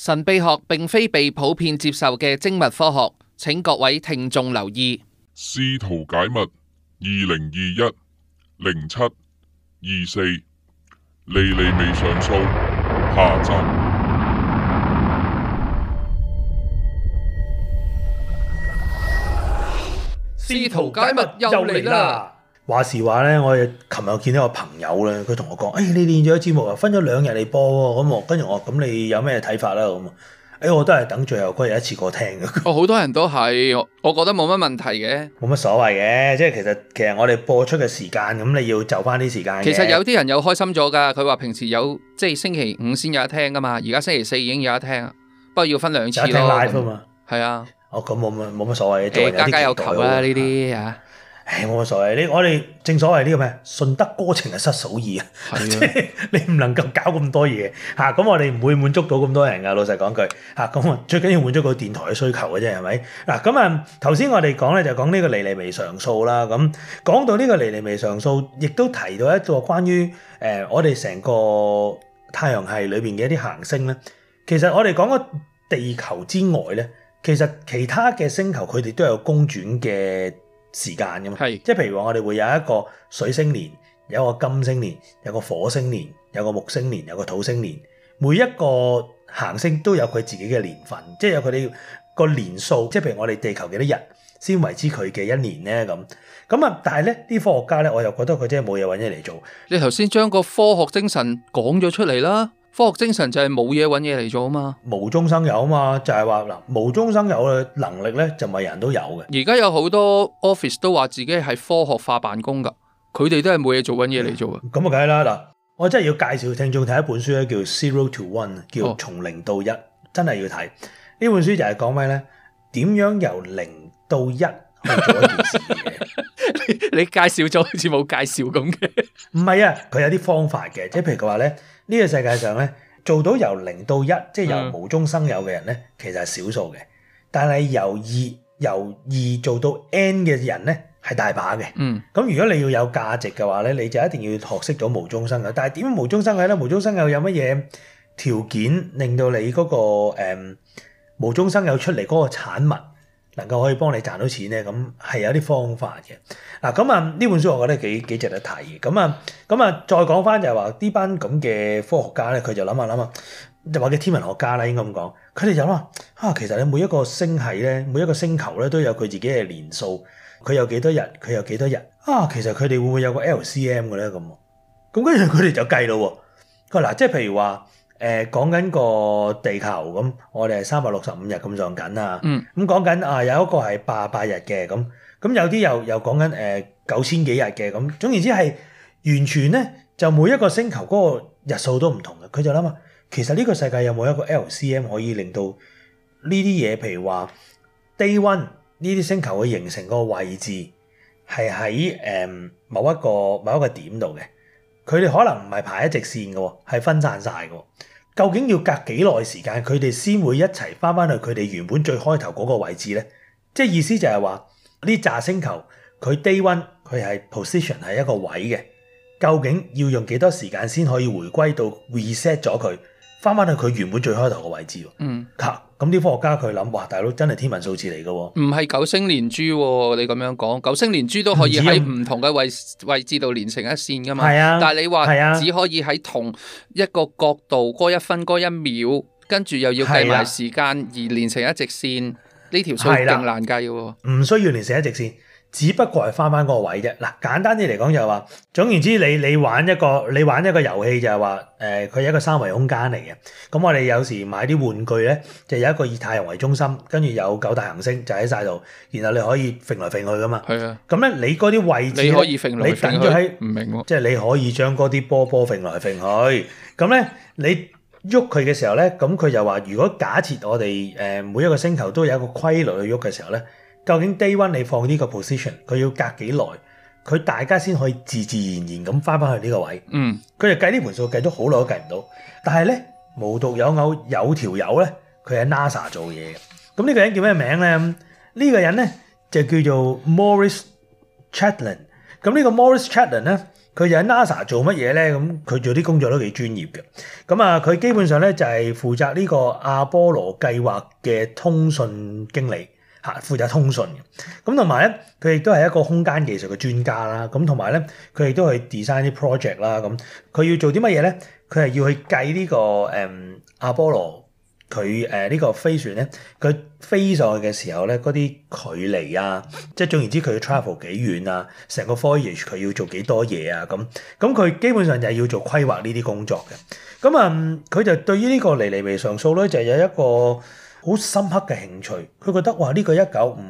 神秘學並非被普遍接受嘅精密科學，請各位聽眾留意。司徒解密二零二一零七二四，尼尼微常數，下集。司徒解密又嚟啦！話時話咧，我哋琴日見到個朋友咧，佢同我講：誒、哎，你練咗節目啊，分咗兩日嚟播喎。咁我跟住我，咁你有咩睇法啦？咁，誒、哎，我都係等最後嗰日一次過聽嘅。我好、哦、多人都係，我我覺得冇乜問題嘅，冇乜所謂嘅。即係其實其實我哋播出嘅時間，咁你要就返啲時間。其實有啲人有開心咗噶，佢話平時有即係星期五先有一聽噶嘛，而家星期四已經有一聽啊。不過要分兩次 live 啦那嘛。係啊。哦，咁冇冇乜所謂嘅，家家、欸、有求啦呢啲啊。唉，我冇所謂呢！我哋正所謂呢個咩？順得哥情係失嫂意啊！你唔能夠搞咁多嘢嚇，咁我哋唔會滿足到咁多人噶。老實講句嚇，咁啊最緊要滿足個電台嘅需求嘅啫，係咪？嗱咁啊頭先我哋講咧就講呢個尼尼微常數啦。咁講到呢個尼尼微常數，亦都提到一個關於誒我哋成個太陽系裏邊嘅一啲行星咧。其實我哋講個地球之外咧，其實其他嘅星球佢哋都有公轉嘅。時間噶嘛，即係是譬如話我哋會有一個水星年，有一個金星年，有一個火星年，有一個木星年，有一個土星年。每一個行星都有佢自己嘅年份，即係有佢哋個年數。即係譬如我哋地球幾多日先為之佢嘅一年咧咁。咁啊，但係咧啲科學家咧，我又覺得佢真係冇嘢搵嘢嚟做。你頭先將個科學精神講咗出嚟啦。科學精神就係冇嘢揾嘢嚟做啊嘛，無嘛、就係，無中生有啊嘛，就係話嗱無中生有嘅能力咧就唔係人都有嘅。而家有好多 office 都話自己係科學化辦公噶，佢哋都係冇嘢做揾嘢嚟做啊。咁啊梗係啦嗱，我真係要介紹聽眾睇一本書咧，叫 Zero to One，叫從零到一，真係要睇呢、哦、本書就係講咩咧？點樣由零到一去做一件事 你，你介紹咗好似冇介紹咁嘅，唔係 啊，佢有啲方法嘅，即係譬如佢話咧。呢個世界上咧，做到由零到一，即係由無中生有嘅人咧，其實係少數嘅。但係由二由二做到 N 嘅人咧，係大把嘅。嗯，咁如果你要有價值嘅話咧，你就一定要學識咗無中生有。但係點無中生有咧？無中生有有乜嘢條件令到你嗰、那個誒、嗯、無中生有出嚟嗰個產物？能夠可以幫你賺到錢咧，咁係有啲方法嘅。嗱咁啊，呢本書我覺得幾幾值得睇嘅。咁啊，咁啊，再講翻就係話呢班咁嘅科學家咧，佢就諗下諗下，就話啲天文學家啦，應該咁講，佢哋就諗啊，其實咧每一個星系咧，每一個星球咧都有佢自己嘅年數，佢有幾多日，佢有幾多日啊？其實佢哋會唔會有個 LCM 嘅咧？咁，咁跟住佢哋就計咯。嗱、啊，即係譬如話。誒，講緊個地球咁，我哋係三百六十五日咁上緊啊。嗯，咁講緊啊有一個係八十八日嘅咁，咁有啲又又講緊誒九千幾日嘅咁。總言之係完全咧，就每一個星球嗰個日數都唔同嘅。佢就諗下，其實呢個世界有冇一個 LCM 可以令到呢啲嘢，譬如話 Day One 呢啲星球嘅形成個位置係喺誒某一個某一個點度嘅。佢哋可能唔係排一直線嘅，係分散曬嘅。究竟要隔幾耐時間，佢哋先會一齊翻翻去佢哋原本最開頭嗰個位置咧？即係意思就係話，呢炸星球佢低溫佢係 position 係一個位嘅，究竟要用幾多時間先可以回歸到 reset 咗佢，翻翻去佢原本最開頭嘅位置？嗯，嚇、啊。咁啲科學家佢諗，哇！大佬真係天文數字嚟嘅喎，唔係九星連珠、哦，你咁樣講，九星連珠都可以喺唔同嘅位位置度連成一線㗎嘛。係啊，但係你話只可以喺同一個角度嗰一分嗰一秒，跟住又要計埋時間、啊、而連成一直線，呢條數更難計嘅喎。唔、啊啊、需要連成一直線。只不過係翻翻嗰個位啫。嗱，簡單啲嚟講就係話，總言之你，你你玩一個你玩一個遊戲就係話，誒、呃，佢係一個三維空間嚟嘅。咁、嗯、我哋有時買啲玩具咧，就有一個以太陽為中心，跟住有九大行星就喺晒度，然後你可以揈嚟揈去噶嘛。係啊。咁咧、嗯，你嗰啲位置你等以喺，唔明即係你可以將嗰啲波波揈嚟揈去。咁、嗯、咧，嗯、 你喐佢嘅時候咧，咁佢就話：如果假設我哋誒每一個星球都有一個規律去喐嘅時候咧。究竟 day one 你放呢個 position，佢要隔幾耐，佢大家先可以自自然然咁翻翻去呢個位。嗯，佢就計呢盤數計咗好耐都計唔到。但係咧，無獨有偶，有條友咧，佢喺 NASA 做嘢。咁呢個人叫咩名咧？呢個人咧就叫做 Maurice Chatlin。咁呢個 Maurice Chatlin 咧，佢就喺 NASA 做乜嘢咧？咁佢做啲工作都幾專業嘅。咁啊，佢基本上咧就係負責呢個阿波羅計劃嘅通訊經理。負責通訊嘅，咁同埋咧，佢亦都係一個空間技術嘅專家啦。咁同埋咧，佢亦都去 design 啲 project 啦。咁佢要做啲乜嘢咧？佢係要去計呢、呢個誒、嗯、阿波羅佢誒呢個飛船咧，佢飛上去嘅時候咧，嗰啲距離啊，即係總言之，佢要 travel 幾遠啊？成個 voyage 佢要做幾多嘢啊？咁咁佢基本上就係要做規劃呢啲工作嘅。咁啊，佢、嗯、就對於呢個尼尼微常數咧，就是、有一個好深刻嘅興趣，佢覺得話呢個一九五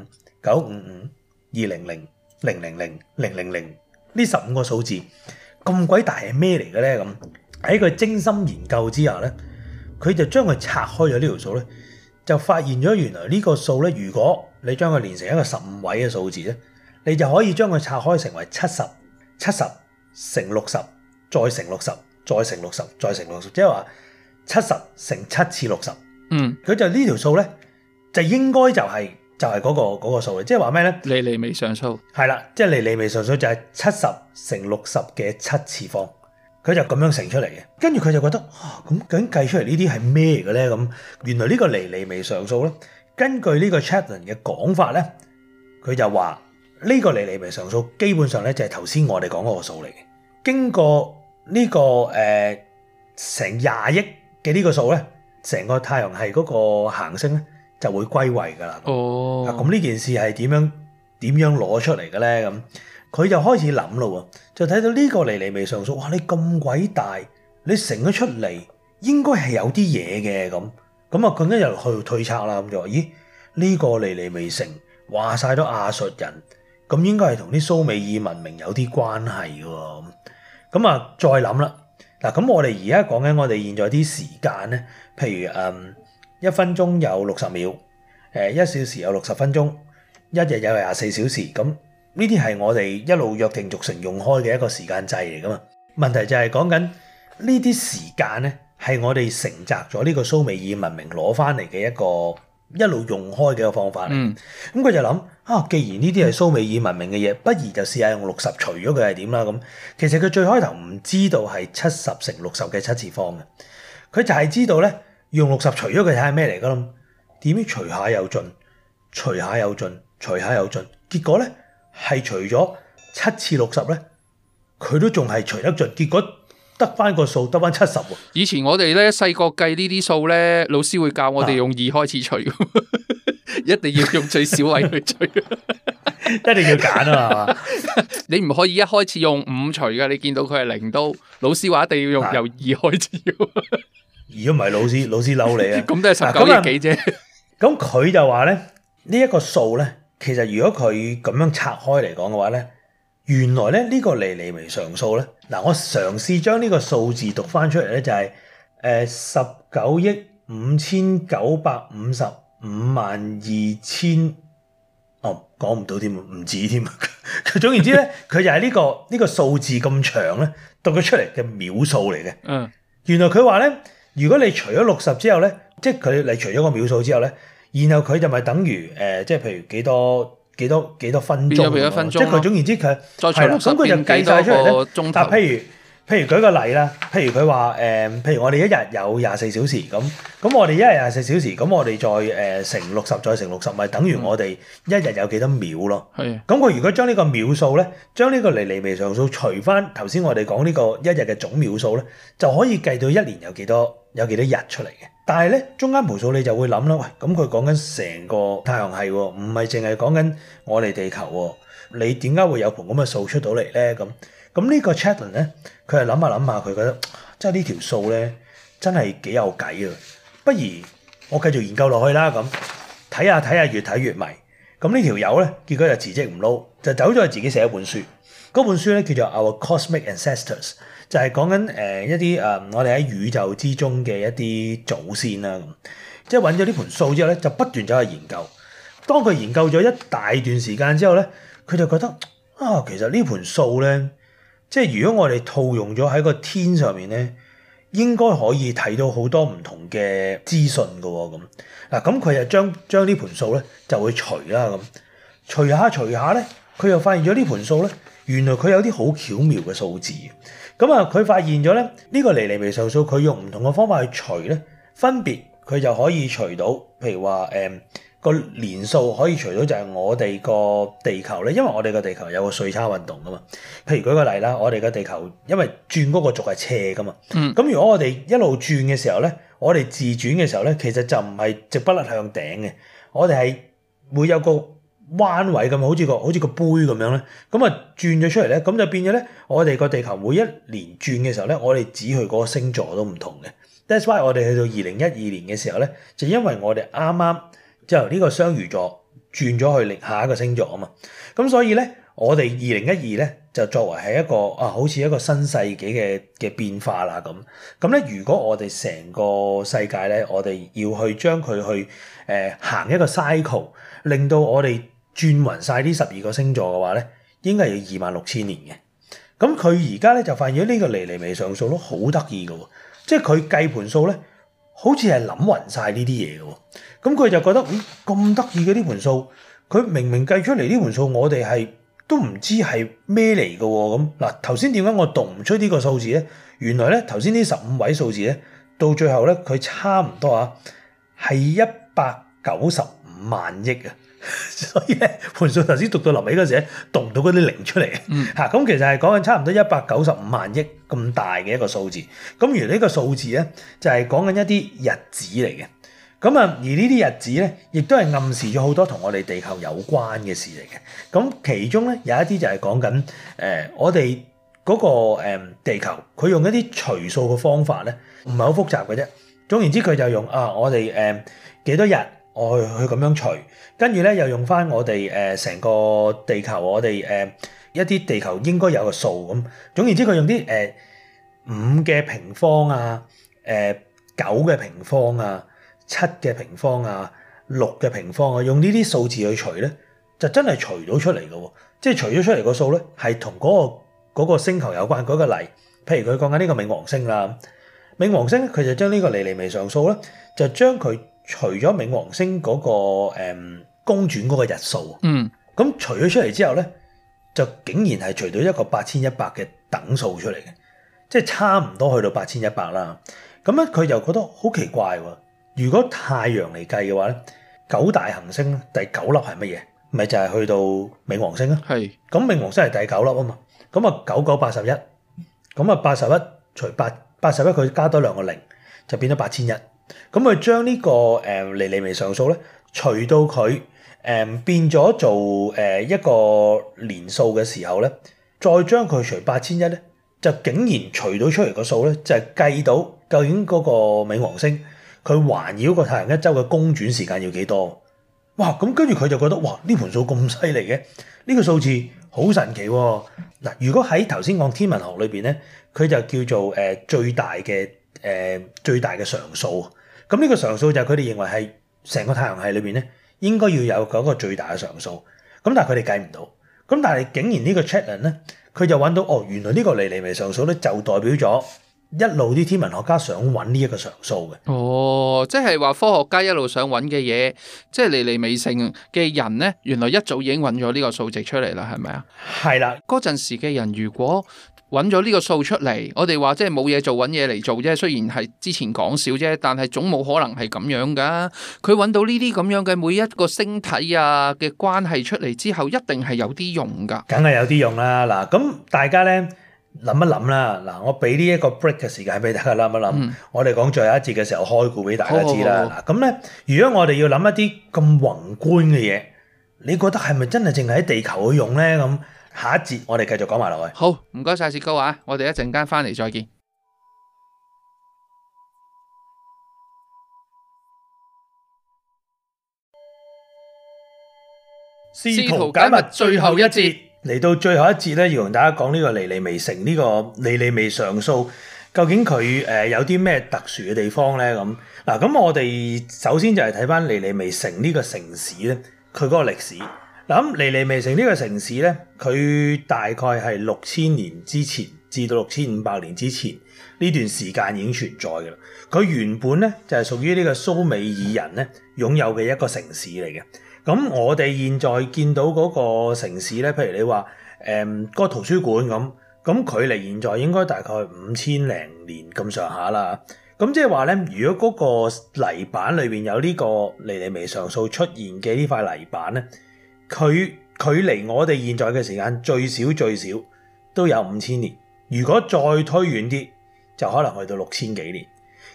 九五五二零零零零零零零零呢十五個數字咁鬼大係咩嚟嘅咧？咁喺佢精心研究之下咧，佢就將佢拆開咗呢條數咧，就發現咗原來呢個數咧，如果你將佢連成一個十五位嘅數字咧，你就可以將佢拆開成為七十七十乘六十再乘六十再乘六十再乘六十，即係話七十乘七次六十。嗯，佢就呢條數呢條數咧，就應該就係、是、就係、是、嗰、那個嗰、那個數嘅，即係話咩咧？就是、尼尼微常數係啦，即係尼尼微常數就係七十乘六十嘅七次方，佢就咁樣乘出嚟嘅，跟住佢就覺得哇，咁究竟計出嚟呢啲係咩嘅咧？咁原來呢個尼尼微常數咧，根據個呢根據個 Chatton 嘅講法咧，佢就話呢個尼尼微常數基本上咧就係頭先我哋講嗰個數嚟嘅，經過、這個呃、個呢個誒成廿億嘅呢個數咧。成個太陽系嗰個行星咧，就會歸位㗎啦。哦，咁呢件事係點樣點樣攞出嚟嘅咧？咁佢就開始諗咯，就睇到呢個尼尼微常數，哇！你咁鬼大，你成咗出嚟應該係有啲嘢嘅咁，咁啊，更加入去推測啦。咁就話：咦，呢、呢個尼尼微城，話晒都亞述人，咁應該係同啲蘇美爾文明有啲關係喎。咁啊，再諗啦。嗱，咁我哋而家講緊我哋現在啲時間咧，譬如嗯一分鐘有六十秒，誒一小時有六十分鐘，一日有廿四小時，咁呢啲係我哋一路約定俗成用開嘅一個時間制嚟㗎嘛？問題就係講緊呢啲時間咧，係我哋承襲咗呢個蘇美爾文明攞返嚟嘅一個。一路用開嘅一個方法嚟，咁佢、嗯、就諗啊，既然呢啲係蘇美爾文明嘅嘢，不如就試下用六十除咗佢係點啦咁。其實佢最開頭唔知道係七十乘六十嘅七次方嘅，佢就係知道咧用六十除咗佢睇下咩嚟嘅。點知除下又盡，除下又盡，除下又盡，結果咧係除咗七次六十咧，佢都仲係除得盡。結果。得翻個數，得翻七十喎。以前我哋咧細個計呢啲數咧，老師會教我哋用二開始除， 一定要用最少位去除，一定要揀啊，係嘛？你唔可以一開始用五除㗎。你見到佢係零都，老師話一定要用由二開始。如果唔係，老師老師嬲你 啊。咁都係十九億幾啫。咁佢就話咧，呢一個數咧，其實如果佢咁樣拆開嚟講嘅話咧。原來咧呢個尼尼微常數咧，嗱我嘗試將呢個數字讀翻出嚟咧、就是，就係誒十九億五千九百五十五萬二千哦，講唔到添，唔止添。佢 總言之咧，佢就係、這個這個、呢個呢個數字咁長咧，讀佢出嚟嘅秒數嚟嘅。嗯，原來佢話咧，如果你除咗六十之後咧，即係佢你除咗個秒數之後咧，然後佢就咪等於誒，即、呃、係譬如幾多？幾多幾多分鐘？變咗分鐘。即係佢總言之，佢係咯。咁佢就計晒出嚟咧。但譬如譬如舉個例啦，譬如佢話誒，譬如我哋一日有廿四小時咁，咁我哋一日廿四小時，咁我哋再誒、呃、乘六十再乘六十，咪等於我哋一日有幾多秒咯？係、嗯。咁佢如果將呢個秒數咧，將呢個尼尼微常數除翻頭先我哋講呢個一日嘅總秒數咧，就可以計到一年有幾多有幾多日出嚟嘅。但係咧，中間盤數你就會諗啦，喂，咁佢講緊成個太陽系喎，唔係淨係講緊我哋地球喎，你點解會有盤咁嘅數出到嚟咧？咁咁呢個 Chatelain 咧，佢係諗下諗下，佢覺得即係呢條數咧，真係幾有計啊！不如我繼續研究落去啦，咁睇下睇下越睇越迷，咁呢條友咧，結果就辭職唔撈，就走咗去自己寫一本書，嗰本書咧叫做 Our Cosmic Ancestors。就係講緊誒一啲誒、呃、我哋喺宇宙之中嘅一啲祖先啦，即係揾咗呢盤數之後咧，就不斷走去研究。當佢研究咗一大段時間之後咧，佢就覺得啊、哦，其實盤呢盤數咧，即係如果我哋套用咗喺個天上面咧，應該可以睇到好多唔同嘅資訊㗎喎咁。嗱，咁佢就將將呢盤數咧就去除啦咁，除下除下咧，佢又發現咗呢盤數咧，原來佢有啲好巧妙嘅數字。咁啊，佢、嗯、發現咗咧，呢、這個尼尼微常數，佢用唔同嘅方法去除咧，分別佢就可以除到，譬如話誒個年數可以除到就係我哋個地球咧，因為我哋個地球有個歲差運動噶嘛。譬如舉個例啦，我哋個地球因為轉嗰個軸係斜噶嘛，咁、嗯、如果我哋一路轉嘅時候咧，我哋自轉嘅時候咧，其實就唔係直筆甩向頂嘅，我哋係會有個彎位咁，好似個好似個杯咁樣咧，咁啊轉咗出嚟咧，咁就變咗咧，我哋個地球每一年轉嘅時候咧，我哋指去嗰個星座都唔同嘅。That's why 我哋去到二零一二年嘅時候咧，就因為我哋啱啱就由呢個雙魚座轉咗去另下一個星座啊嘛。咁所以咧，我哋二零一二咧就作為係一個啊，好似一個新世紀嘅嘅變化啦咁。咁咧，如果我哋成個世界咧，我哋要去將佢去誒、呃、行一個 cycle，令到我哋。轉勻晒呢十二個星座嘅話咧，應該要二萬六千年嘅。咁佢而家咧就發現咗呢個嚟嚟未上數都好得意嘅喎！即係佢計盤數咧，好似係諗勻晒呢啲嘢嘅喎。咁佢就覺得咦咁得意嘅呢盤數，佢明明計出嚟呢盤數，我哋係都唔知係咩嚟嘅喎。咁嗱頭先點解我讀唔出個數呢個數字咧？原來咧頭先呢十五位數字咧，到最後咧佢差唔多啊，係一百九十五萬億啊！ 所以咧，盤數頭先讀到臨尾嗰時咧，讀唔到嗰啲零出嚟，吓咁、嗯、其實係講緊差唔多一百九十五萬億咁大嘅一個數字。咁而呢個數字咧，就係講緊一啲日子嚟嘅。咁啊，而呢啲日子咧，亦都係暗示咗好多同我哋地球有關嘅事嚟嘅。咁其中咧有一啲就係講緊誒，我哋嗰個誒地球，佢用一啲除數嘅方法咧，唔係好複雜嘅啫。總言之，佢就用啊，我哋誒幾多日。我去去咁樣除，跟住咧又用翻我哋誒成個地球，我哋誒一啲地球應該有個數咁。總言之，佢用啲誒五嘅平方啊、誒九嘅平方啊、七嘅平方啊、六嘅平方啊，用呢啲數字去除咧，就真係除到出嚟咯。即係除咗出嚟個數咧，係同嗰個嗰個星球有關。舉個例，譬如佢講緊呢個冥王星啦，冥王星佢就將呢個尼尼微常數咧，就將佢。除咗冥王星嗰個誒公轉嗰個日數，嗯，咁除咗出嚟之後咧，就竟然係除到一個八千一百嘅等數出嚟嘅，即係差唔多去到八千一百啦。咁咧佢就覺得好奇怪喎。如果太陽嚟計嘅話咧，九大行星第九粒係乜嘢？咪就係去到冥王星啊。係。咁冥王星係第九粒啊嘛。咁啊九九八十一，咁啊八十一除八八十一，佢加多兩個零，就變咗八千一。咁佢將呢個誒尼尼微常數咧，除到佢誒、呃、變咗做誒一個年數嘅時候咧，再將佢除八千一咧，就竟然除到出嚟個數咧，就係計到究竟嗰個冥王星佢環繞個太陽一周嘅公轉時間要幾多？哇！咁跟住佢就覺得哇，呢盤數咁犀利嘅，呢、呢個數字好神奇喎！嗱，如果喺頭先講天文學裏邊咧，佢就叫做誒、呃、最大嘅誒、呃、最大嘅常數。咁呢個常數就係佢哋認為係成個太陽系裏邊咧，應該要有嗰個最大嘅常數。咁但係佢哋計唔到。咁但係竟然呢個 Chatelain 咧，佢就揾到哦，原來呢個尼尼微常數咧就代表咗一路啲天文學家想揾呢一個常數嘅。哦，即係話科學家一路想揾嘅嘢，即係尼尼微城嘅人咧，原來一早已經揾咗呢個數值出嚟啦，係咪啊？係啦了，嗰陣時嘅人如果。揾咗呢個數出嚟，我哋話，即係冇嘢做，揾嘢嚟做啫。雖然係之前講笑啫，但係總冇可能係咁樣噶。佢揾到呢啲咁樣嘅每一個星體啊嘅關係出嚟之後，一定係有啲用噶。梗係有啲用啦。嗱，咁大家咧諗一諗啦。嗱，我俾呢一個 break 嘅時間俾大家諗一諗。嗯、我哋講最後一節嘅時候，開估俾大家知啦。嗱，咁咧，如果我哋要諗一啲咁宏觀嘅嘢，你覺得係咪真係淨係喺地球去用咧咁？下一節我哋繼續講埋落去。好，唔該晒薛哥啊！我哋一陣間翻嚟，再見。試圖解密最後一節，嚟到最後一節咧，要同大家講呢個尼尼微城，呢、這個尼尼微常數，究竟佢誒有啲咩特殊嘅地方咧？咁嗱，咁我哋首先就係睇翻尼尼微城呢個城市咧，佢嗰個歷史。咁尼尼微城呢個城市咧，佢大概係六千年之前至到六千五百年之前呢段時間已經存在嘅。佢原本咧就係屬於呢個蘇美爾人咧擁有嘅一個城市嚟嘅。咁我哋現在見到嗰個城市咧，譬如你話誒、嗯、那個圖書館咁，咁距離現在應該大概五千零年咁上下啦。咁即係話咧，如果嗰個泥板裏邊有呢、這個尼尼微常數出現嘅呢塊泥板咧？佢距離我哋現在嘅時間最少最少都有五千年，如果再推遠啲，就可能去到六千幾年。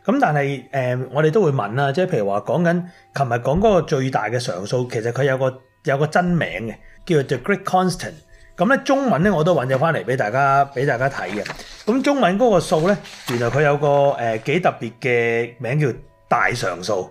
咁但係誒、呃，我哋都會問啦，即係譬如話講緊琴日講嗰個最大嘅常數，其實佢有個有個真名嘅，叫做 The Great Constant。咁、嗯、咧中文咧我都揾咗翻嚟俾大家俾大家睇嘅。咁、嗯、中文嗰個數咧，原來佢有個誒幾、呃、特別嘅名叫。大常數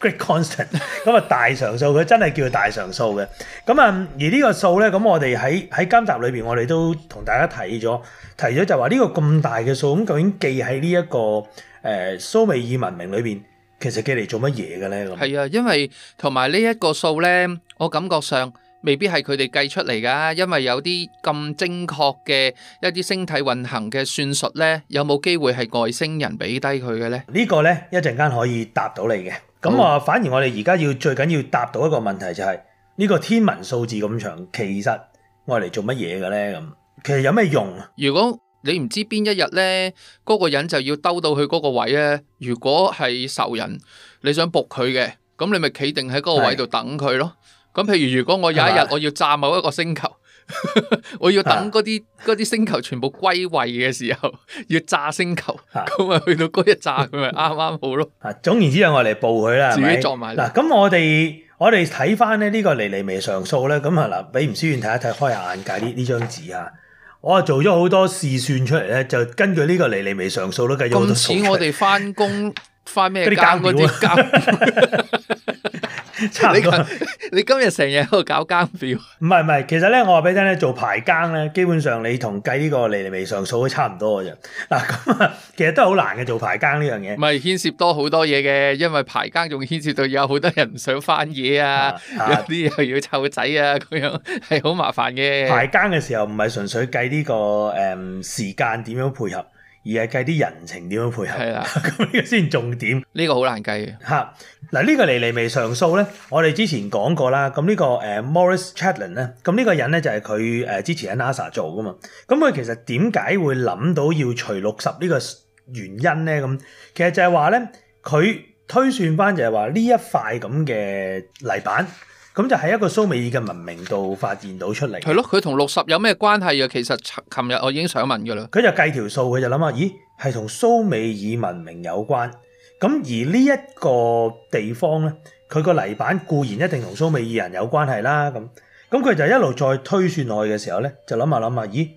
，Great Constant，咁啊大常數，佢真係叫大常數嘅。咁啊，而呢個數咧，咁我哋喺喺今集裏邊，我哋都同大家提咗，提咗就話呢個咁大嘅數，咁究竟記喺呢一個誒蘇美爾文明裏邊，其實記嚟做乜嘢嘅咧？咁係啊，因為同埋呢一個數咧，我感覺上。未必係佢哋計出嚟噶，因為有啲咁精確嘅一啲星體運行嘅算術呢，有冇機會係外星人俾低佢嘅呢？呢個呢，一陣間可以答到你嘅。咁啊，嗯、反而我哋而家要最緊要答到一個問題就係、是、呢、呢個天文數字咁長，其實我嚟做乜嘢嘅呢？咁其實有咩用？如果你唔知邊一日呢，嗰、嗰個人就要兜到去嗰個位呢，如果係仇人，你想卜佢嘅，咁你咪企定喺嗰個位度等佢咯。咁譬如如果我有一日我要炸某一個星球，吧 我要等嗰啲啲星球全部歸位嘅時候，要炸星球，咁咪吧去到嗰日炸佢咪啱啱好咯。啊，總言之，我嚟補佢啦，係埋嗱，咁我哋我哋睇翻咧呢個尼尼微常數咧，咁啊嗱，俾吳思遠睇一睇，開下眼界呢呢張紙啊，我做咗好多試算出嚟咧，就根據呢個尼尼微常數都計咗好多數。我哋翻工翻咩？交嗰啲交。差唔多， 你今日成日喺度搞監表，唔係唔係，其實咧我話俾你聽咧，做排更咧，基本上你同計呢個嚟嚟未上數都差唔多嘅啫。嗱，咁啊，其實都係好難嘅做排更呢樣嘢，唔係牽涉多好多嘢嘅，因為排更仲牽涉到有好多人唔想翻嘢啊，啊啊有啲又要湊仔啊，咁樣係好麻煩嘅。排更嘅時候唔係純粹計呢、這個誒、嗯、時間點樣配合。而係計啲人情點樣配合，係啦的，咁呢 個先重點。呢個好難計吓，嗱，啊，呢，這個尼尼微常數咧，我哋之前講過啦。咁呢個誒，Maurice Chatelain 咧，咁呢個人咧就係佢誒，之前喺 NASA 做噶嘛。咁佢其實點解會諗到要除六十呢個原因咧？咁其實就係話咧，佢推算翻，就係話呢一塊咁嘅泥板。咁就喺一個蘇美爾嘅文明度發現到出嚟。係咯，佢同六十有咩關係啊？其實尋日我已經想問噶啦。佢就計條數，佢就諗下，咦，係同蘇美爾文明有關。咁而呢一個地方咧，佢個泥板固然一定同蘇美爾人有關係啦。咁咁佢就一路再推算落去嘅時候咧，就諗下諗下，咦，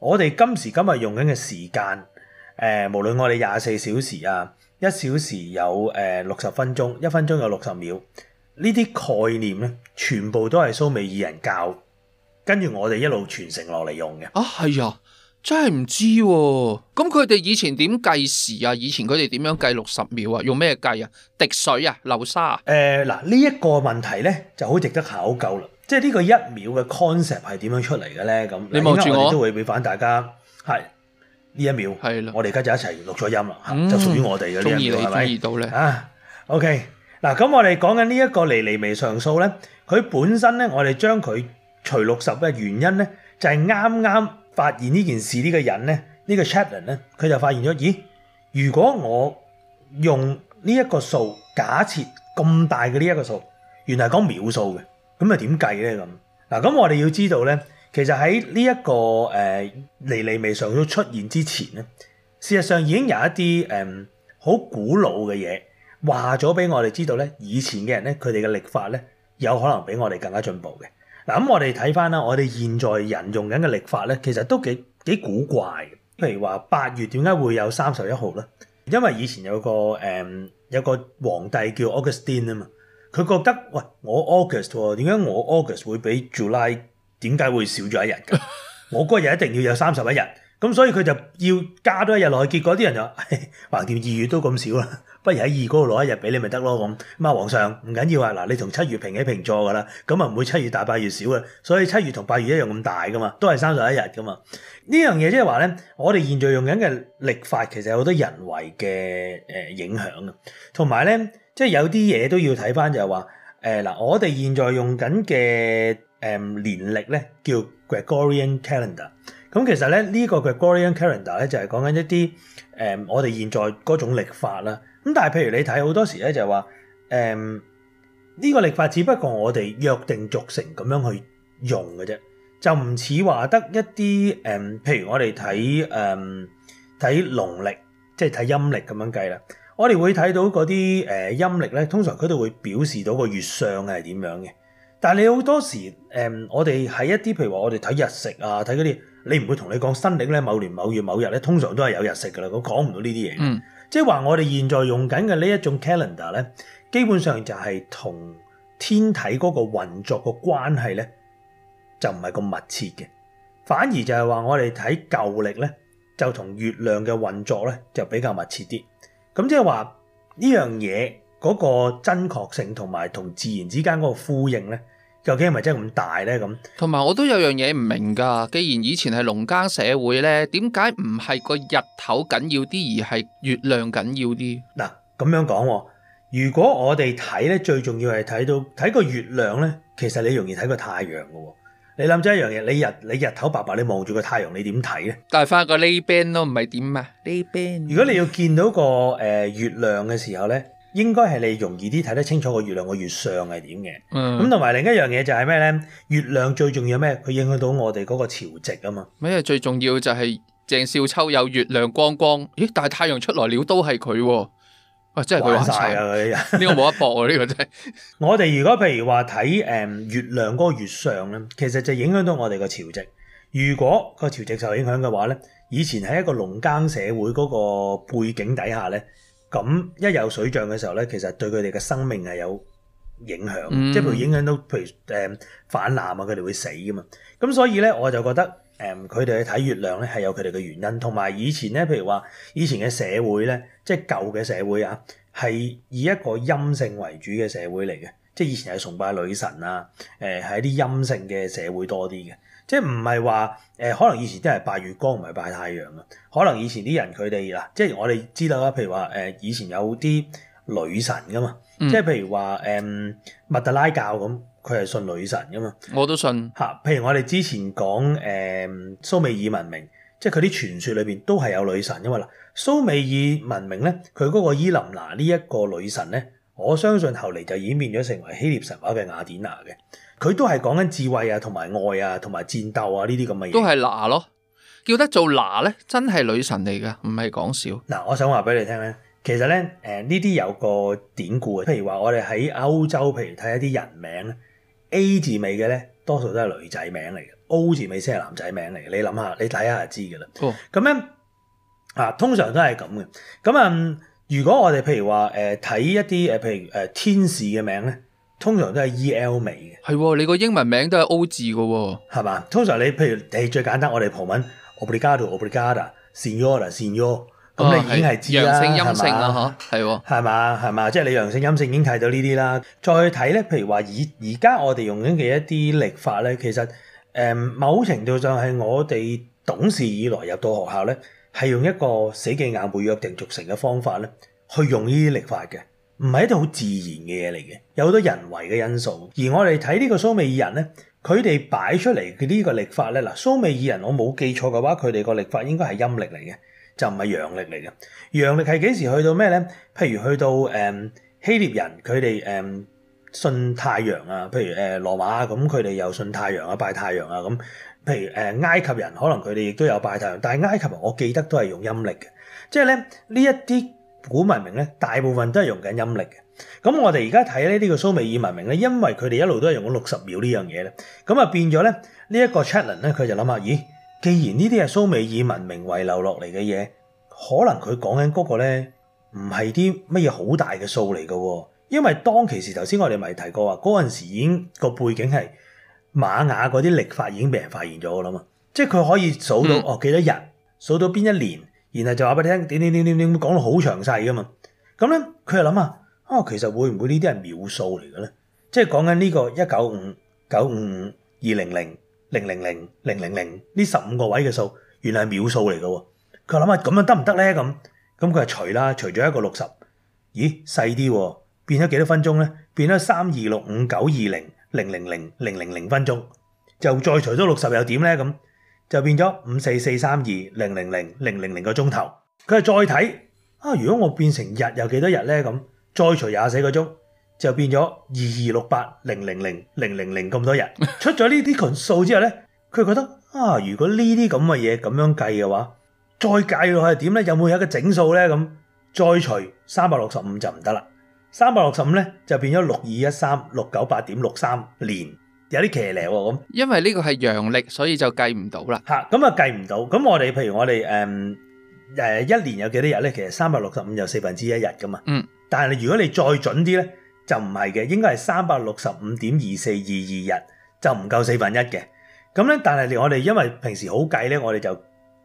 我哋今時今日用緊嘅時間，誒，無論我哋廿四小時啊，一小時有誒六十分鐘，一分鐘有六十秒。呢啲概念咧，全部都係蘇美爾人教，跟住我哋一路傳承落嚟用嘅。啊，係啊，真係唔知、啊。咁佢哋以前點計時啊？以前佢哋點樣計六十秒啊？用咩計啊？滴水啊，流沙啊？誒、呃，嗱，呢一、呢個問題咧就好值得考究啦。即係呢個一秒嘅 concept 係點樣出嚟嘅咧？咁，你望住我，我都會俾翻大家係呢一秒。係啦的，我哋而家就一齊錄咗音啦，嗯、就屬於我哋嘅。中意你，中意到咧。啊，OK。嗱，咁我哋講緊呢一個尼尼微常數咧，佢本身咧，我哋將佢除六十嘅原因咧，就係啱啱發現呢件事呢、這個人咧，這個、呢個 Chatton 咧，佢就發現咗，咦？如果我用呢一個數假設咁大嘅呢一個數，原來係講秒數嘅，咁又點計咧？咁嗱，咁我哋要知道咧，其實喺呢一個誒尼尼微常數出現之前咧，事實上已經有一啲誒好古老嘅嘢。話咗俾我哋知道咧，以前嘅人咧，佢哋嘅曆法咧，有可能比我哋更加進步嘅。嗱，咁我哋睇翻啦，我哋現在人用緊嘅曆法咧，其實都幾幾古怪。譬如話八月點解會有三十一號咧？因為以前有個誒、嗯、有個皇帝叫 Augustine 啊嘛，佢覺得，喂，我 August 點解我 August 會比 July 點解會少咗一日？我嗰日一定要有三十一日，咁所以佢就要加多一日落去。結果啲人就話，橫掂二月都咁少啦。不如喺二嗰度攞一日俾你咪得咯咁。咁啊，皇上唔緊要啊。嗱，你同七月平起平坐噶啦，咁啊唔會七月大八月少嘅，所以七月同八月一樣咁大噶嘛，都係三十一日噶嘛。呢樣嘢即係話咧，我哋現在用緊嘅曆法其實有好多人為嘅誒影響啊，同埋咧即係有啲嘢都要睇翻就係話誒嗱，我哋現在用緊嘅誒年曆咧叫 Gregorian calendar。咁其實咧呢個 Gregorian calendar 咧就係講緊一啲誒、呃、我哋現在嗰種曆法啦。咁但係，譬如你睇好多時咧，就係話誒呢個曆法只不過我哋約定俗成咁樣去用嘅啫，就唔似話得一啲誒、嗯，譬如我哋睇誒睇農曆，即係睇陰曆咁樣計啦。我哋會睇到嗰啲誒陰曆咧，嗯、通常佢都會表示到個月相係點樣嘅。但係你好多時誒、嗯，我哋喺一啲譬如話我哋睇日食啊，睇嗰啲，你唔會同你講新曆咧，某年某月某日咧，通常都係有日食噶啦，我講唔到呢啲嘢。嗯即係話我哋現在用緊嘅呢一種 calendar 咧，基本上就係同天體嗰個運作嘅關係咧，就唔係咁密切嘅，反而就係話我哋睇舊曆咧，就同月亮嘅運作咧就比較密切啲。咁即係話呢樣嘢嗰個真確性同埋同自然之間嗰個呼應咧。究竟係咪真係咁大咧？咁同埋我都有樣嘢唔明噶，既然以前係農耕社會咧，點解唔係個日頭緊要啲，而係月亮緊要啲？嗱，咁樣講，如果我哋睇咧，最重要係睇到睇個月亮咧，其實你容易睇個太陽噶。你諗住一樣嘢，你日你日頭白白，你望住個太陽，你點睇咧？帶翻個 Ray-Ban 咯，唔係點啊？Ray-Ban。如果你要見到個誒月亮嘅時候咧？應該係你容易啲睇得清楚個月亮個月相係點嘅。嗯。咁同埋另一樣嘢就係咩咧？月亮最重要咩？佢影響到我哋嗰個潮汐啊嘛。咩最重要就係鄭少秋有月亮光光？咦！但係太陽出來了都係佢、啊。哇！真係佢玩曬啊！呢 個冇得博啊！呢、呢個真係。 我哋如果譬如話睇誒月亮嗰個月相咧，其實就影響到我哋個潮汐。如果個潮汐受影響嘅話咧，以前喺一個農耕社會嗰個背景底下咧。咁一有水漲嘅時候咧，其實對佢哋嘅生命係有影響，即係、嗯、譬如影響到譬如誒泛濫啊，佢、呃、哋會死噶嘛。咁所以咧，我就覺得誒佢哋去睇月亮咧係有佢哋嘅原因，同埋以前咧，譬如話以前嘅社會咧，即係舊嘅社會啊，係以一個陰性為主嘅社會嚟嘅，即係以前係崇拜女神啊，誒、呃、係一啲陰性嘅社會多啲嘅。即係唔係話誒，可能以前真係拜月光唔係拜太陽啊。可能以前啲人佢哋啦，即係我哋知道啦。譬如話誒、呃，以前有啲女神噶嘛，嗯、即係譬如話誒、嗯，麥特拉教咁，佢係信女神噶嘛。我都信嚇。譬如我哋之前講誒、呃、蘇美爾文明，即係佢啲傳說裏邊都係有女神，因為啦，蘇美爾文明咧，佢嗰個伊琳娜呢一個女神咧，我相信後嚟就演變咗成為希臘神話嘅雅典娜嘅。佢都係講緊智慧啊，同埋愛啊，同埋戰鬥啊呢啲咁嘅嘢。都係娜咯，叫得做娜咧，真係女神嚟噶，唔係講笑。嗱，我想話俾你聽咧，其實咧，誒呢啲有個典故嘅，譬如話我哋喺歐洲，譬如睇一啲人名咧，A 字尾嘅咧，多數都係女仔名嚟嘅；O 字尾先係男仔名嚟嘅。你諗下，你睇下就知噶啦。咁、哦、樣啊，通常都係咁嘅。咁、嗯、啊，如果我哋譬如話誒睇一啲誒，譬如誒、呃、天使嘅名咧。通常都係 E L 尾嘅，係你個英文名都係 O 字嘅、哦，係嘛？通常你譬如誒最簡單，我哋葡文 Obrigado，Obrigada，Senhora，Senhor，咁、啊、你已經係知陽性陰性啦，係係係嘛？係嘛吧？即係你陽性陰性已經睇到呢啲啦。再睇咧，譬如話而而家我哋用緊嘅一啲曆法咧，其實誒、嗯、某程度上係我哋懂事以來入到學校咧，係用一個死記硬背約定俗成嘅方法咧，去用呢啲曆法嘅。唔係一啲好自然嘅嘢嚟嘅，有好多人為嘅因素。而我哋睇呢個蘇美爾人咧，佢哋擺出嚟嘅呢個曆法咧，嗱蘇美爾人我冇記錯嘅話，佢哋個曆法應該係陰曆嚟嘅，就唔係陽曆嚟嘅。陽曆係幾時去到咩咧？譬如去到誒、嗯、希臘人，佢哋誒信太陽啊，譬如誒、嗯、羅馬咁、啊，佢哋又信太陽啊，拜太陽啊咁。譬如誒、嗯、埃及人，可能佢哋亦都有拜太陽，但係埃及人我記得都係用陰曆嘅，即係咧呢一啲。古文明咧，大部分都係用緊陰曆嘅。咁我哋而家睇咧呢個蘇美爾文明咧，因為佢哋一路都係用緊六十秒呢樣嘢咧，咁啊變咗咧呢一個 Chatelain 咧，佢就諗下：咦，既然呢啲係蘇美爾文明遺留落嚟嘅嘢，可能佢講緊嗰個咧唔係啲乜嘢好大嘅數嚟噶，因為當其時頭先我哋咪提過話，嗰陣時已經個背景係瑪雅嗰啲曆法已經俾人發現咗噶啦嘛，即係佢可以數到、嗯、哦幾多日，數到邊一年。然後就話俾你聽，點點點點點講到好詳細噶嘛，咁咧佢又諗下，啊、哦、其實會唔會呢啲係秒數嚟嘅咧？即係講緊呢個一九五九五五二零零零零零零零零呢十五個位嘅數，原來係秒數嚟嘅。佢諗下咁樣得唔得咧？咁咁佢就除啦，除咗一個六十，咦細啲，變咗幾多分鐘咧？變咗三二六五九二零零零零零零零分鐘，就再除咗六十又點咧？咁就變咗五四四三二零零零零零零個鐘頭，佢係再睇啊！如果我變成日有幾多日咧？咁再除廿四個鐘，就變咗二二六八零零零零零零咁多日。 出咗呢啲群數之後咧，佢覺得啊，如果呢啲咁嘅嘢咁樣計嘅話，再計落去係點咧？有冇一個整數咧？咁再除三百六十五就唔得啦。三百六十五咧就變咗六二一三六九八點六三年。有啲騎呢咁，因為呢個係陽曆，所以就計唔到啦。吓、啊，咁啊計唔到。咁我哋譬如我哋誒誒一年有幾多日咧？其實三百六十五又四分之一日噶嘛。嗯。但係如果你再準啲咧，就唔係嘅，應該係三百六十五點二四二二日，就唔夠四分一嘅。咁、嗯、咧，但係我哋因為平時好計咧，我哋就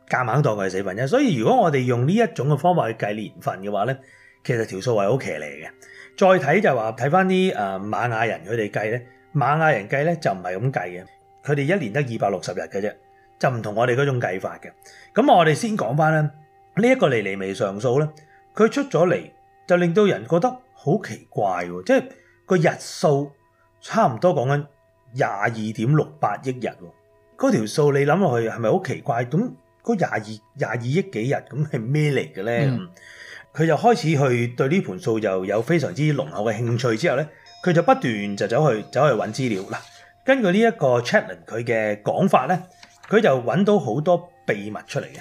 夾硬，硬當佢係四分一。所以如果我哋用呢一種嘅方法去計年份嘅話咧，其實條數係好騎呢嘅。再睇就話睇返啲誒瑪雅人佢哋計咧。瑪雅人計咧就唔係咁計嘅，佢哋一年得二百六十日嘅啫，就唔同我哋嗰種計法嘅。咁、嗯、我哋先講翻咧，呢、這、一個尼尼微常數咧，佢出咗嚟就令到人覺得好奇怪喎，即係個日數差唔多講緊廿二點六八億日喎。嗰條數你諗落去係咪好奇怪？咁嗰廿二廿二億幾日咁係咩嚟嘅咧？佢、嗯、就開始去對呢盤數就有非常之濃厚嘅興趣之後咧。佢就不斷就走去走去揾資料啦。根據呢一個 Chatelain 佢嘅講法咧，佢就揾到好多秘密出嚟嘅。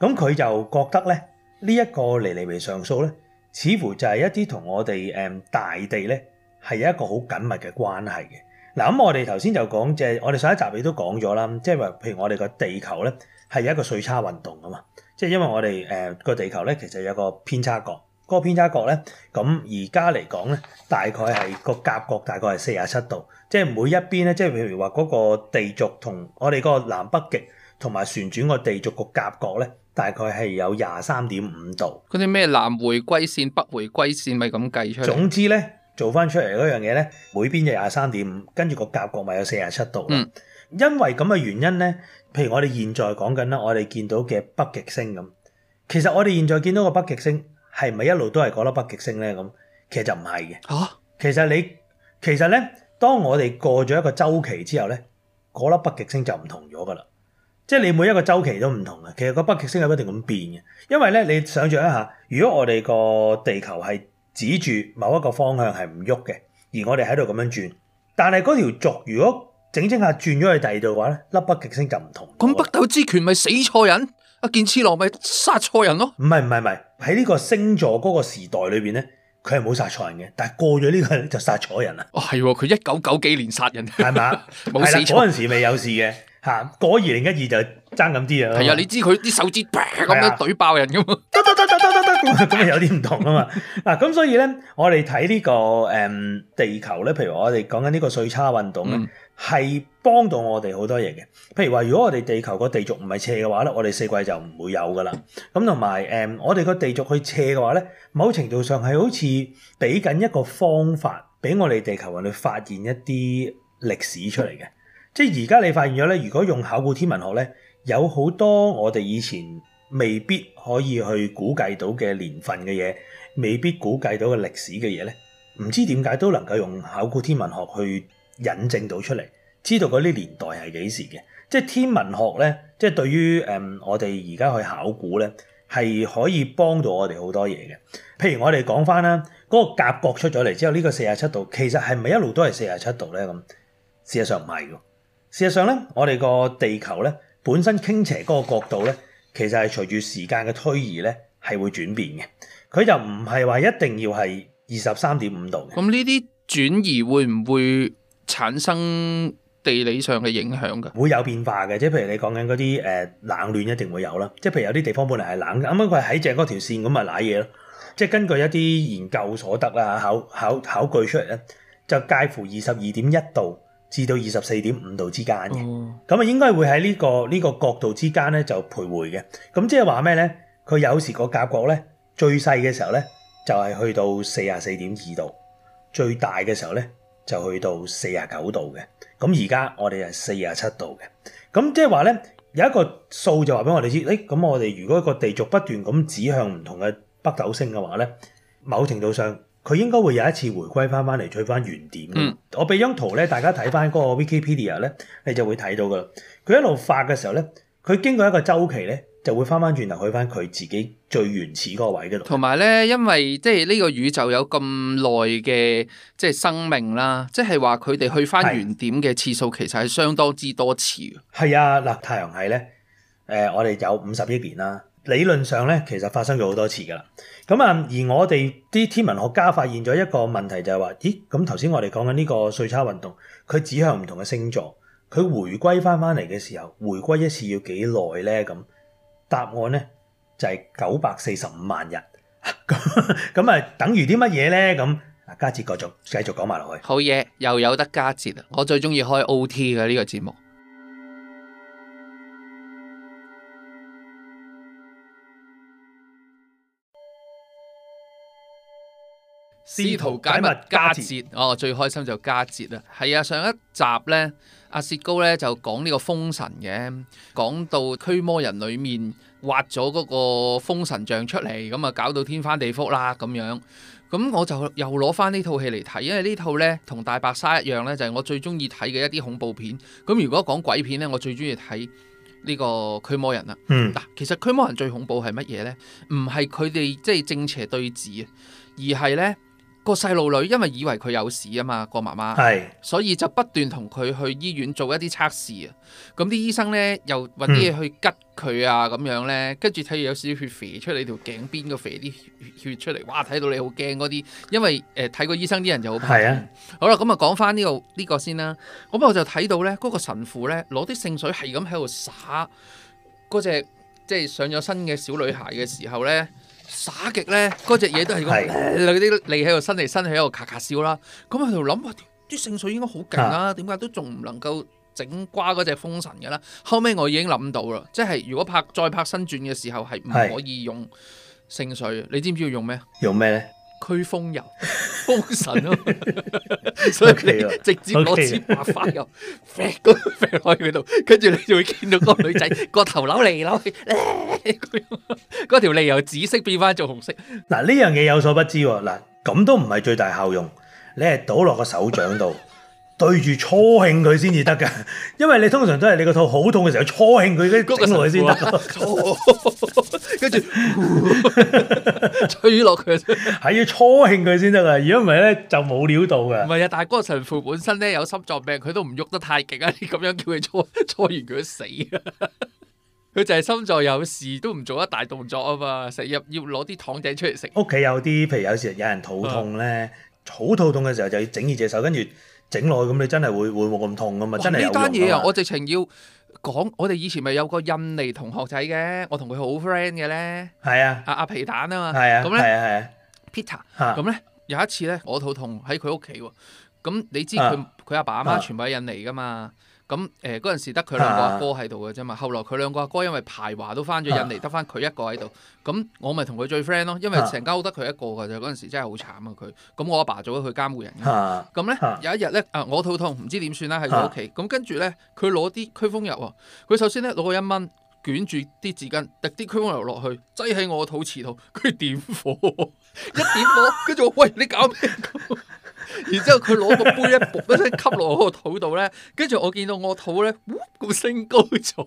咁佢就覺得咧，呢一個尼尼微常數咧，似乎就係一啲同我哋誒大地咧係有一個好緊密嘅關係嘅。嗱咁我哋頭先就講即係我哋上一集亦都講咗啦，即係話譬如我哋個地球咧係有一個歲差運動噶嘛，即係因為我哋誒個地球咧其實有一個偏差角。嗰個偏差角咧，咁而家嚟講咧，大概係、嗰個夾角，大概係四十七度，即係每一邊咧，即係譬如話嗰個地軸同我哋嗰個南北極同埋旋轉個地軸個夾角咧，大概係有廿三點五度。嗰啲咩南迴歸線、北迴歸線咪咁計出嚟？總之咧，做翻出嚟嗰樣嘢咧，每邊5，就廿三點五，跟住個夾角咪有四十七度。嗯，因為咁嘅原因咧，譬如我哋現在講緊啦，我哋見到嘅北極星咁，其實我哋現在見到個北極星。係咪一路都係嗰粒北極星咧？咁其實就唔係嘅。吓、啊，其實你其實咧，當我哋過咗一個周期之後咧，嗰粒北極星就唔同咗㗎喇。即係你每一個周期都唔同嘅。其實個北極星係不一定咁變嘅。因為咧，你想象一下，如果我哋個地球係指住某一個方向係唔喐嘅，而我哋喺度咁樣轉，但係嗰條軸如果整整下轉咗去第二度嘅話咧，粒北極星就唔同了了。咁北斗之拳咪死錯人？啊！見次郎咪殺錯人咯，唔係，唔係，唔係喺呢個星座嗰個時代裏邊咧，佢係冇殺錯人嘅，但係過咗呢個就殺錯人啦。哦，係喎，佢一九九幾年殺人係嘛？冇死錯。嗰陣時未有事嘅嚇，過二零一二就爭咁啲啊。係啊，你知佢啲手指啪咁樣懟爆人㗎嘛，得得得得得得得咁啊，有啲唔同啊嘛。嗱，咁所以咧，我哋睇呢個誒地球咧，譬如我哋講緊呢個歲差運動咧。係幫到我哋好多嘢嘅，譬如話，如果我哋地球個地軸唔係斜嘅話咧，我哋四季就唔會有㗎喇。咁同埋誒，我哋個地軸去斜嘅話咧，某程度上係好似俾緊一個方法，俾我哋地球人去發現一啲歷史出嚟嘅。即係而家你發現咗咧，如果用考古天文學咧，有好多我哋以前未必可以去估計到嘅年份嘅嘢，未必估計到嘅歷史嘅嘢咧，唔知點解都能夠用考古天文學去引證到出嚟，知道嗰啲年代係幾時嘅，即係天文學咧，即係對於誒、嗯、我哋而家去考古咧，係可以幫到我哋好多嘢嘅。譬如我哋講翻啦，嗰、那個夾角出咗嚟之後，呢、這個四十七度其實係咪一路都係四十七度咧？咁事實上唔係喎，事實上咧，我哋個地球咧本身傾斜嗰個角度咧，其實係隨住時間嘅推移咧係會轉變嘅，佢就唔係話一定要係二十三點五度嘅。咁呢啲轉移會唔會，產生地理上嘅影響嘅，會有變化嘅，即係譬如你講緊嗰啲誒冷暖一定會有啦。即係譬如有啲地方本嚟係冷嘅，啱啱佢喺正嗰條線咁咪瀨嘢咯。即係根據一啲研究所得啦，考考考據出嚟咧，就介乎二十二點一度至到二十四點五度之間嘅。咁啊、嗯、應該會喺呢、這個呢、這個角度之間咧就徘徊嘅。咁即係話咩咧？佢有時個夾角咧最細嘅時候咧就係、是、去到四十四點二度，最大嘅時候咧。就去到四十九度嘅，咁而家我哋係四十七度嘅，咁即係話咧，有一個數就話俾我哋知，誒、欸、咁我哋如果一個地軸不斷咁指向唔同嘅北斗星嘅話咧，某程度上佢應該會有一次回歸翻翻嚟，取翻原點嘅。嗯、我俾張圖咧，大家睇翻嗰個 Wikipedia 咧，你就會睇到噶啦。佢一路發嘅時候咧，佢經過一個周期咧。就會翻翻轉頭去翻佢自己最原始嗰個位嗰度。同埋咧，因為即係呢個宇宙有咁耐嘅即係生命啦，即係話佢哋去翻原點嘅次數其實係相當之多次。係啊，嗱，太陽系咧，誒、呃，我哋有五十億年啦。理論上咧，其實發生咗好多次噶啦。咁啊，而我哋啲天文學家發現咗一個問題就係話，咦？咁頭先我哋講緊呢個歲差運動，佢指向唔同嘅星座，佢回歸翻翻嚟嘅時候，回歸一次要幾耐咧？咁？答案呢就係九百四十五萬日，咁 啊等於啲乜嘢呢？咁啊加節繼續繼續講埋落去，好嘢，又有得加節啊！我最中意開 O T 嘅呢、呢個節目。司徒解密加節哦，最開心就加節啦。係啊，上一集呢，阿、啊、薛高呢就講呢個封神嘅，講到驅魔人裡面挖咗嗰個封神像出嚟，咁啊搞到天翻地覆啦咁樣。咁我就又攞翻呢套戲嚟睇，因為呢套呢同大白鯊一樣呢，就係、是、我最中意睇嘅一啲恐怖片。咁如果講鬼片呢，我最中意睇呢個驅魔人啦。嗱、嗯，其實驅魔人最恐怖係乜嘢呢？唔係佢哋即係正邪對峙啊，而係呢。個細路女因為以為佢有事啊嘛，個媽媽，是所以就不斷同佢去醫院做一啲測試啊。咁啲醫生咧又搵啲嘢去拮佢啊，咁樣咧，跟住睇有少少血啡出嚟，條頸邊個啡啲血出嚟，哇！睇到你好驚嗰啲，因為誒睇過醫生啲人就好怕。係啊，好啦，咁啊講翻呢個呢、這個先啦。咁我就睇到咧，嗰、那個神父咧攞啲聖水係咁喺度灑嗰隻即係上咗身嘅小女孩嘅時候咧。耍極咧，嗰隻嘢都係嗰啲脷喺度伸嚟伸去喺度咔咔笑啦。咁喺度諗啊，啲聖水應該好勁啦，點解都仲唔能夠整瓜嗰隻風神嘅啦？後尾我已經諗到啦，即係如果再拍再拍新傳嘅時候，係唔可以用聖水，V is 你知唔知要用咩？用咩咧？驅風油，風神咯，所以佢直接攞支白花油，fit 嗰 fit 開佢度，跟住你就會見到個女仔個頭扭嚟扭去，嗰條脷由紫色變翻做紅色。嗱，呢樣嘢有所不知，嗱，咁都唔係最大效用，你係倒落個手掌度。 對住搓興佢先至得噶，因為你通常都係你個肚好痛嘅時候，搓興佢跟住整落去先得，跟住吹落佢。係要搓興佢先得噶，如果唔係咧就冇料到噶。唔係啊，但係嗰個神父本身咧有心臟病，佢都唔喐得太勁啊！你咁樣叫佢搓搓完佢死啊！佢 就係心臟有事都唔做一大動作啊嘛，成日要攞啲糖仔出嚟食。屋企有啲，譬如有時有人肚痛咧，好、嗯、肚痛嘅時候就要整二隻手，跟住。整落去咁，你真係會會冇咁痛噶嘛？哇真係呢單嘢啊！我直情要講，我哋以前咪有個印尼同學仔嘅，我同佢好 friend 嘅咧。係啊，阿阿、啊、皮蛋啊嘛。係啊。係啊係啊。啊 Peter 啊。咁咧、啊、有一次咧，我肚痛喺佢屋企喎。咁、嗯、你知佢佢阿爸阿媽全部喺印尼噶嘛？咁誒嗰陣時得佢兩個阿哥喺度嘅啫嘛，啊、後來佢兩個阿哥，哥因為排華都翻咗印尼，啊、得翻佢一個喺度。咁我咪同佢最 friend 咯，因為成間屋得佢一個嘅啫。嗰陣時真係好慘啊佢。咁我阿爸做咗佢監護人。咁咧、啊嗯、有一日咧，啊我肚痛唔知點算啦，喺佢屋企。咁跟住咧，佢攞啲驅風油啊。佢首先咧攞個一蚊捲住啲紙巾，滴啲驅風油落去，擠喺我個肚臍度，佢點火， 一點火跟住喂，你搞咩？ 」然之後佢攞個杯一扑，一吸落我個肚度咧，跟住我見到我個肚咧，咁升高咗，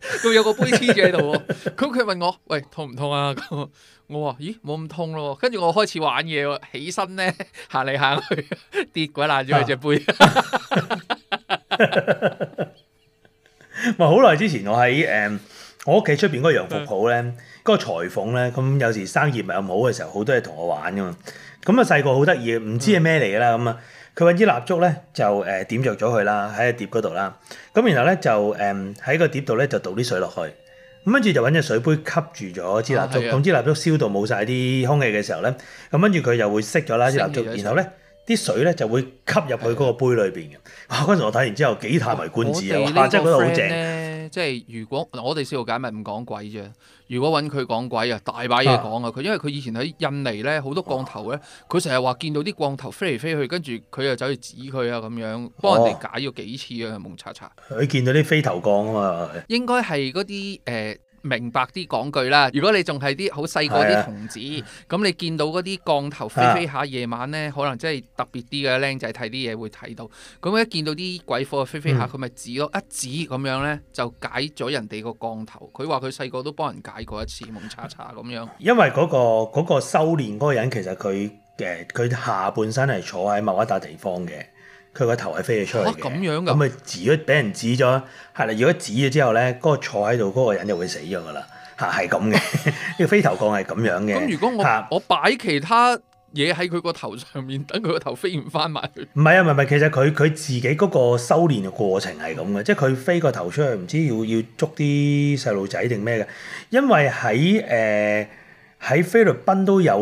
佢有個杯黐住喺度。咁佢問我，喂，痛唔痛啊？咁我話，咦，冇咁痛咯。跟住我開始玩嘢，起身咧行嚟行去，跌鬼爛咗佢隻杯，哎。唔係好耐之前，我喺誒我屋企出邊嗰個洋服鋪咧，嗰個裁縫咧，咁有時生意唔係咁好嘅時候，好多嘢同我玩噶嘛。咁啊細個好得意唔知係咩嚟㗎啦咁啊，佢揾支蠟燭咧就誒、呃、點着咗佢啦，喺個碟嗰度啦。咁然後咧就誒喺個碟度咧就倒啲水落去，咁跟住就揾隻水杯吸住咗支蠟燭，咁支、啊、蠟燭燒到冇晒啲空氣嘅時候咧，咁跟住佢就會熄咗啦支蠟燭，然後咧。啲水咧就會吸入去嗰個杯裏邊嘅。哇的！嗰陣、啊、我睇完之後幾嘆為觀止啊！即係覺得好正。即係如果我哋小豪解密唔講鬼啫。如果揾佢講鬼啊，大把嘢講啊。佢因為佢以前喺印尼咧，好多降頭咧，佢成日話見到啲降頭飛嚟飛去，跟住佢又走去指佢啊咁樣，幫人哋解咗幾次啊蒙查查，佢、哦、見到啲飛頭降啊嘛。應該係嗰啲誒。呃明白啲講句啦！如果你仲係啲好細個啲童子，咁的你見到嗰啲降頭飛飛下的夜晚呢，可能真係特別啲嘅靚仔睇啲嘢會睇到。咁一見到啲鬼火飛飛下，佢咪、嗯、指咯一指咁樣呢，就解咗人哋個降頭。佢話佢細個都幫人解過一次蒙查查咁樣。因為嗰、那個嗰、那個修煉嗰個人其實佢誒佢下半身係坐喺某一笪地方嘅。佢個頭係飛咗出去，咁樣嘅、啊，咁咪指咗，俾人指咗，係啦。如果指咗之後咧，嗰、嗰個坐喺度嗰個人就會死咗噶啦，嚇係咁嘅。呢個 飛頭降係咁樣嘅。咁如果我是我擺其他嘢喺佢個頭上面，等佢個頭飛唔翻埋去？唔係啊，唔係唔係，其實佢佢自己嗰個修練嘅過程係咁嘅，嗯、即係佢飛個頭出去，唔知要要捉啲細路仔定咩嘅，因為喺誒。呃。喺菲律賓都有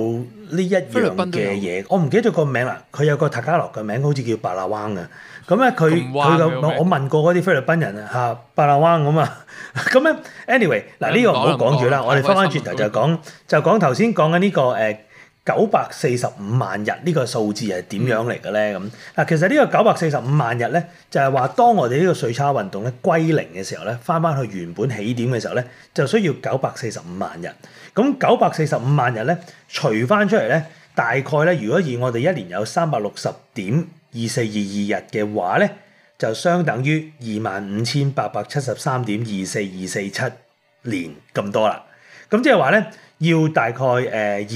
呢一樣嘅嘢，我唔記得咗個名啦。佢有個塔加洛嘅名，好似叫白拉灣啊。咁咧佢佢我問過嗰啲菲律賓人啊，嚇巴拉灣咁啊。咁 咧，anyway 嗱，呢個唔好講住啦。我哋翻翻轉頭就係講就講頭先講緊呢個誒九百四十五萬日呢個數字係點樣嚟嘅咧？咁嗱、嗯，其實呢個九百四十五萬日咧，就係、是、話當我哋呢個歲差運動咧，歸零嘅時候咧，翻翻去原本起點嘅時候咧，就需要九百四十五萬日。咁九百四十五萬日咧，除返出嚟咧，大概咧，如果以我哋一年有三百六十點二四二二日嘅話咧，就相等於二萬五千八百七十三點二四二四七年咁多啦。咁即係話咧，要大概誒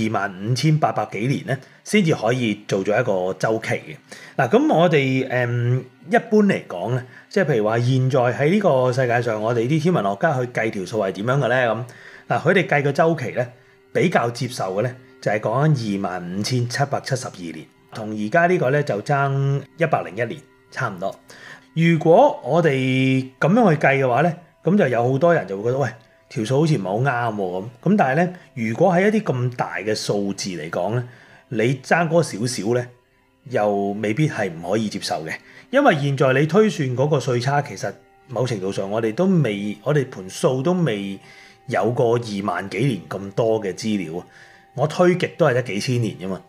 二萬五千八百幾年咧，先至可以做咗一個週期嘅。嗱，咁我哋誒一般嚟講咧，即係譬如話現在喺呢個世界上，我哋啲天文學家去計條數係點樣嘅咧咁。嗱，佢哋計個週期咧比較接受嘅咧，就係講二萬五千七百七十二年，同而家呢個咧就爭一百零一年差唔多。如果我哋咁樣去計嘅話咧，咁就有好多人就會覺得喂，條數好似唔係好啱喎咁。咁但係咧，如果喺一啲咁大嘅數字嚟講咧，你爭嗰少少咧，又未必係唔可以接受嘅，因為現在你推算嗰個稅差，其實某程度上我哋都未，我哋盤數都未。有個二萬幾年咁多嘅資料，我推極都係得幾千年啫嘛。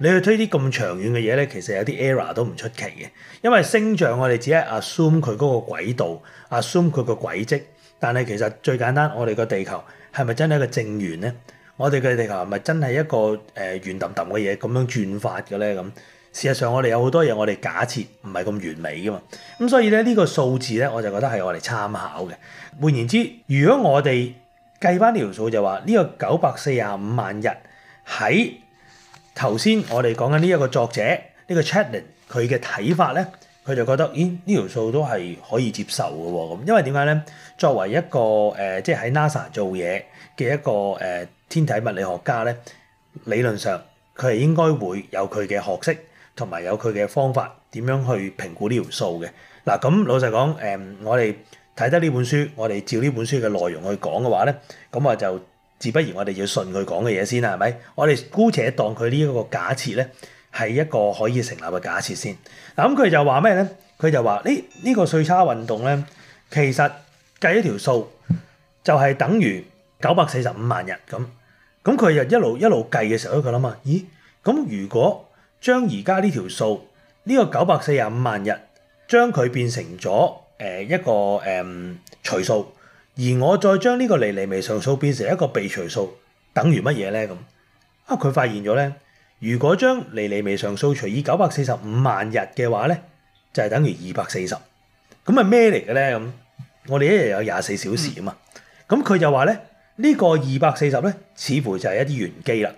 你去推啲咁長遠嘅嘢咧，其實有啲 error 都唔出奇嘅。因為星象我哋只係 assume 佢嗰個軌道，assume 佢個軌跡，但係其實最簡單，我哋個地球係咪真係一個正圓咧？我哋嘅地球係咪真係一個誒圓揼揼嘅嘢咁樣轉發嘅咧？咁事實上我哋有好多嘢我哋假設唔係咁完美㗎嘛。咁所以咧，呢個數字咧，我就覺得係我哋參考嘅。換言之，如果我哋計翻呢條數，就話呢個九百四廿五萬日，喺頭先我哋講緊呢一個作者呢個 Chadlin 佢嘅睇法咧，佢就覺得咦，呢條數都係可以接受嘅喎。咁，因為點解咧？作為一個誒即係喺 NASA 做嘢嘅一個誒天體物理學家咧，理論上佢係應該會有佢嘅學識同埋有佢嘅方法點樣去評估呢條數嘅。嗱，咁老實講誒我哋。睇得呢本書，我哋照呢本書嘅內容去講嘅話咧，咁啊就自不然我哋要順佢講嘅嘢先啦，係咪？我哋姑且當佢呢一個假設咧係一個可以成立嘅假設先。嗱咁佢就話咩咧？佢就話呢呢個歲差運動咧，其實計一條數就係等於九百四十五萬日咁。咁佢就一路一路計嘅時候，佢諗啊，咦？咁如果將而家呢條數呢，呢個九百四十五萬日將佢變成咗。誒一個誒、嗯、除數，而我再將呢個尼尼微常數變成一個被除數，等於乜嘢咧咁？啊，佢發現咗咧，如果將尼尼微常數除以九百四十五萬日嘅話咧，就係、是、等於二百四十。咁係咩嚟嘅咧咁？我哋一日有廿四小時啊嘛，咁佢就話咧，呢個二百四十咧，似乎就係一啲玄機啦。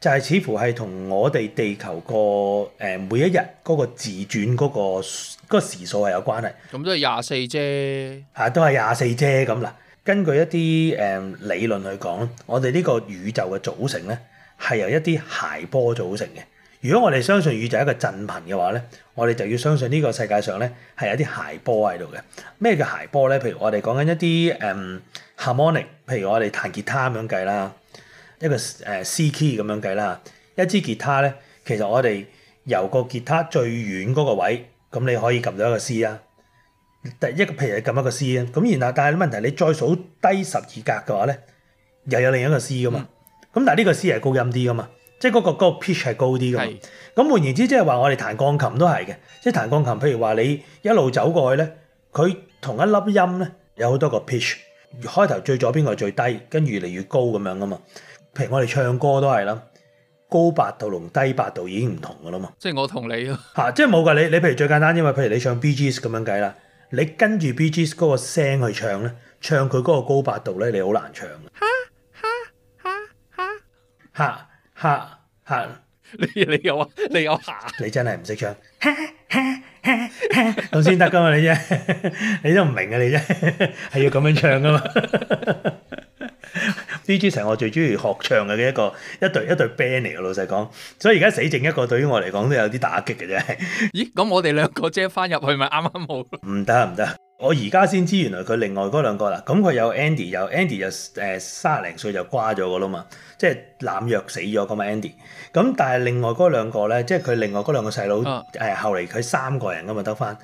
就係似乎係同我哋地球個誒每一日嗰個自轉嗰個嗰個時數係有關係。咁都係廿四啫。嚇，都係廿四啫。咁嗱、啊，根據一啲誒、嗯、理論去講，我哋呢個宇宙嘅組成咧，係由一啲諧波組成嘅。如果我哋相信宇宙係一個震頻嘅話咧，我哋就要相信呢個世界上咧係有啲諧波喺度嘅。咩叫諧波咧？譬如我哋講緊一啲誒、嗯、harmonic，譬如我哋彈吉他咁樣計啦。一個誒 C key 咁樣計啦，一支吉他咧，其實我哋由個吉他最遠嗰個位，咁你可以撳到一個 C 啦。第一個譬如係撳一個 C 啊，咁然後但係問題你再數低十二格嘅話咧，又有另一個 C 噶嘛。咁但係呢個 C 係高音啲噶嘛，即係、嗰個、嗰個、嗰個、pitch 係高啲噶嘛。咁是換言之，即係話我哋彈鋼琴都係嘅，即係彈鋼琴，譬如話你一路走過去咧，佢同一粒音咧有好多個 pitch，開頭最左邊個係最低，跟住越嚟越高咁樣噶嘛。平我哋唱歌都係啦，高八度同低八度已經唔同噶啦嘛。即係我同你咯。嚇， 即係冇噶，你你譬如最簡單，因為譬如你唱 BGS 咁樣計啦，你跟住 BGS 嗰個聲去唱咧，唱佢嗰個高八度咧，你好難唱。嚇嚇嚇嚇嚇嚇！你你有啊？你有嚇？你真係唔識唱。嚇，咁先得噶嘛？你啫，你都唔明啊？你啫，係要咁樣唱噶嘛？Bee Gees 成我最中意學唱嘅一個一隊一隊 band 嚟嘅，老實講，所以而家死剩一個對於我嚟講都有啲打擊嘅啫。咦？咁我哋兩個即係翻入去咪啱啱好？唔得唔得！我而家先知原來佢另外嗰兩個啦。咁佢有 Andy，有 Andy Andy 就，誒卅零歲就瓜咗嘅啦嘛，即係濫藥死咗咁啊 Andy。咁但係另外嗰兩個咧，即係佢另外嗰兩個細佬誒，啊、後嚟佢三個人咁啊得翻。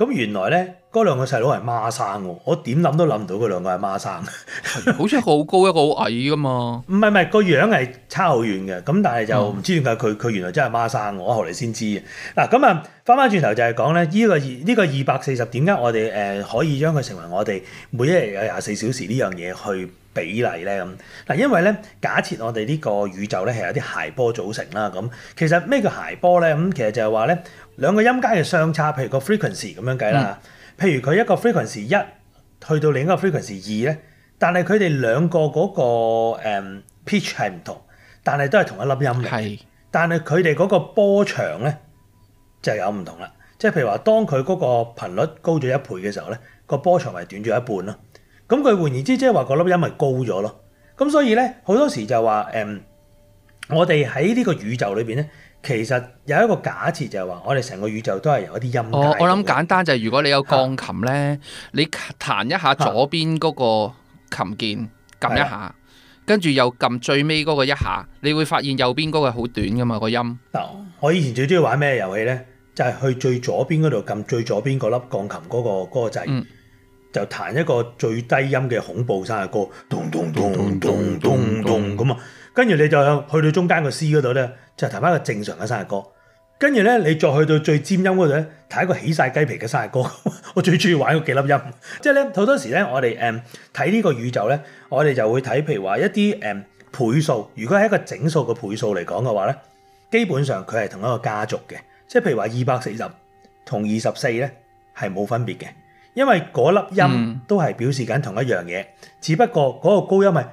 咁原來咧，嗰兩個細佬係孖生喎，我點諗都諗唔到佢兩個係孖生， 好似好高一個好矮噶嘛。唔係唔係，個樣係差好遠嘅，咁但係就唔知點解佢佢原來真係孖生，我後嚟先知嘅。嗱咁啊，翻翻轉頭就係講咧，依、這個依、這個二百四十，點解我哋誒可以將佢成為我哋每一日有廿四小時呢樣嘢去比例咧咁。嗱、啊，因為咧假設我哋呢個宇宙咧係有啲諧波組成啦，咁、啊、其實咩叫諧波咧？咁、嗯、其實就係話咧。兩個音階嘅相差，譬如個 frequency 咁樣計啦。嗯、譬如佢一個 frequency 一去到另一個 frequency 二咧，但係佢哋兩個嗰、那個、嗯、pitch 係唔同，但係都係同一粒音嚟。係，是的 但係佢哋嗰個波長咧就有唔同啦。即係譬如話，當佢嗰個頻率高咗一倍嘅時候咧，個波長咪短咗一半咯。咁佢換言之，即係話個粒音咪高咗咯。咁所以咧，好多時就話誒、嗯，我哋喺呢個宇宙裏邊咧。其實有一個假設就係話，我哋成個宇宙都係由一啲音樂。我諗簡單就係如果你有鋼琴咧，你彈一下左邊嗰個琴鍵，撳一下，跟住又撳最尾嗰個一下，你會發現右邊嗰個好短噶嘛個音。我以前最中意玩咩遊戲呢？就係去最左邊嗰度撳最左邊嗰粒鋼琴嗰個嗰個掣，就彈一個最低音嘅恐怖生日歌，咚咚咚咚咚咚咁啊！跟住你就去到中間個 C 嗰度咧，就彈翻一個正常嘅生日歌。跟住咧，你再去到最尖音嗰度咧，睇一個起晒雞皮嘅生日歌。 我最中意玩嗰幾粒音，即係咧好多時咧，我哋誒睇呢個宇宙咧，我哋就會睇，譬如話一啲誒、嗯、倍數。如果係一個整數嘅倍數嚟講嘅話咧，基本上佢係同一個家族嘅。即係譬如話二百四十同二十四咧係冇分別嘅，因為嗰粒音都係表示緊同一樣嘢，嗯、只不過嗰個高音係。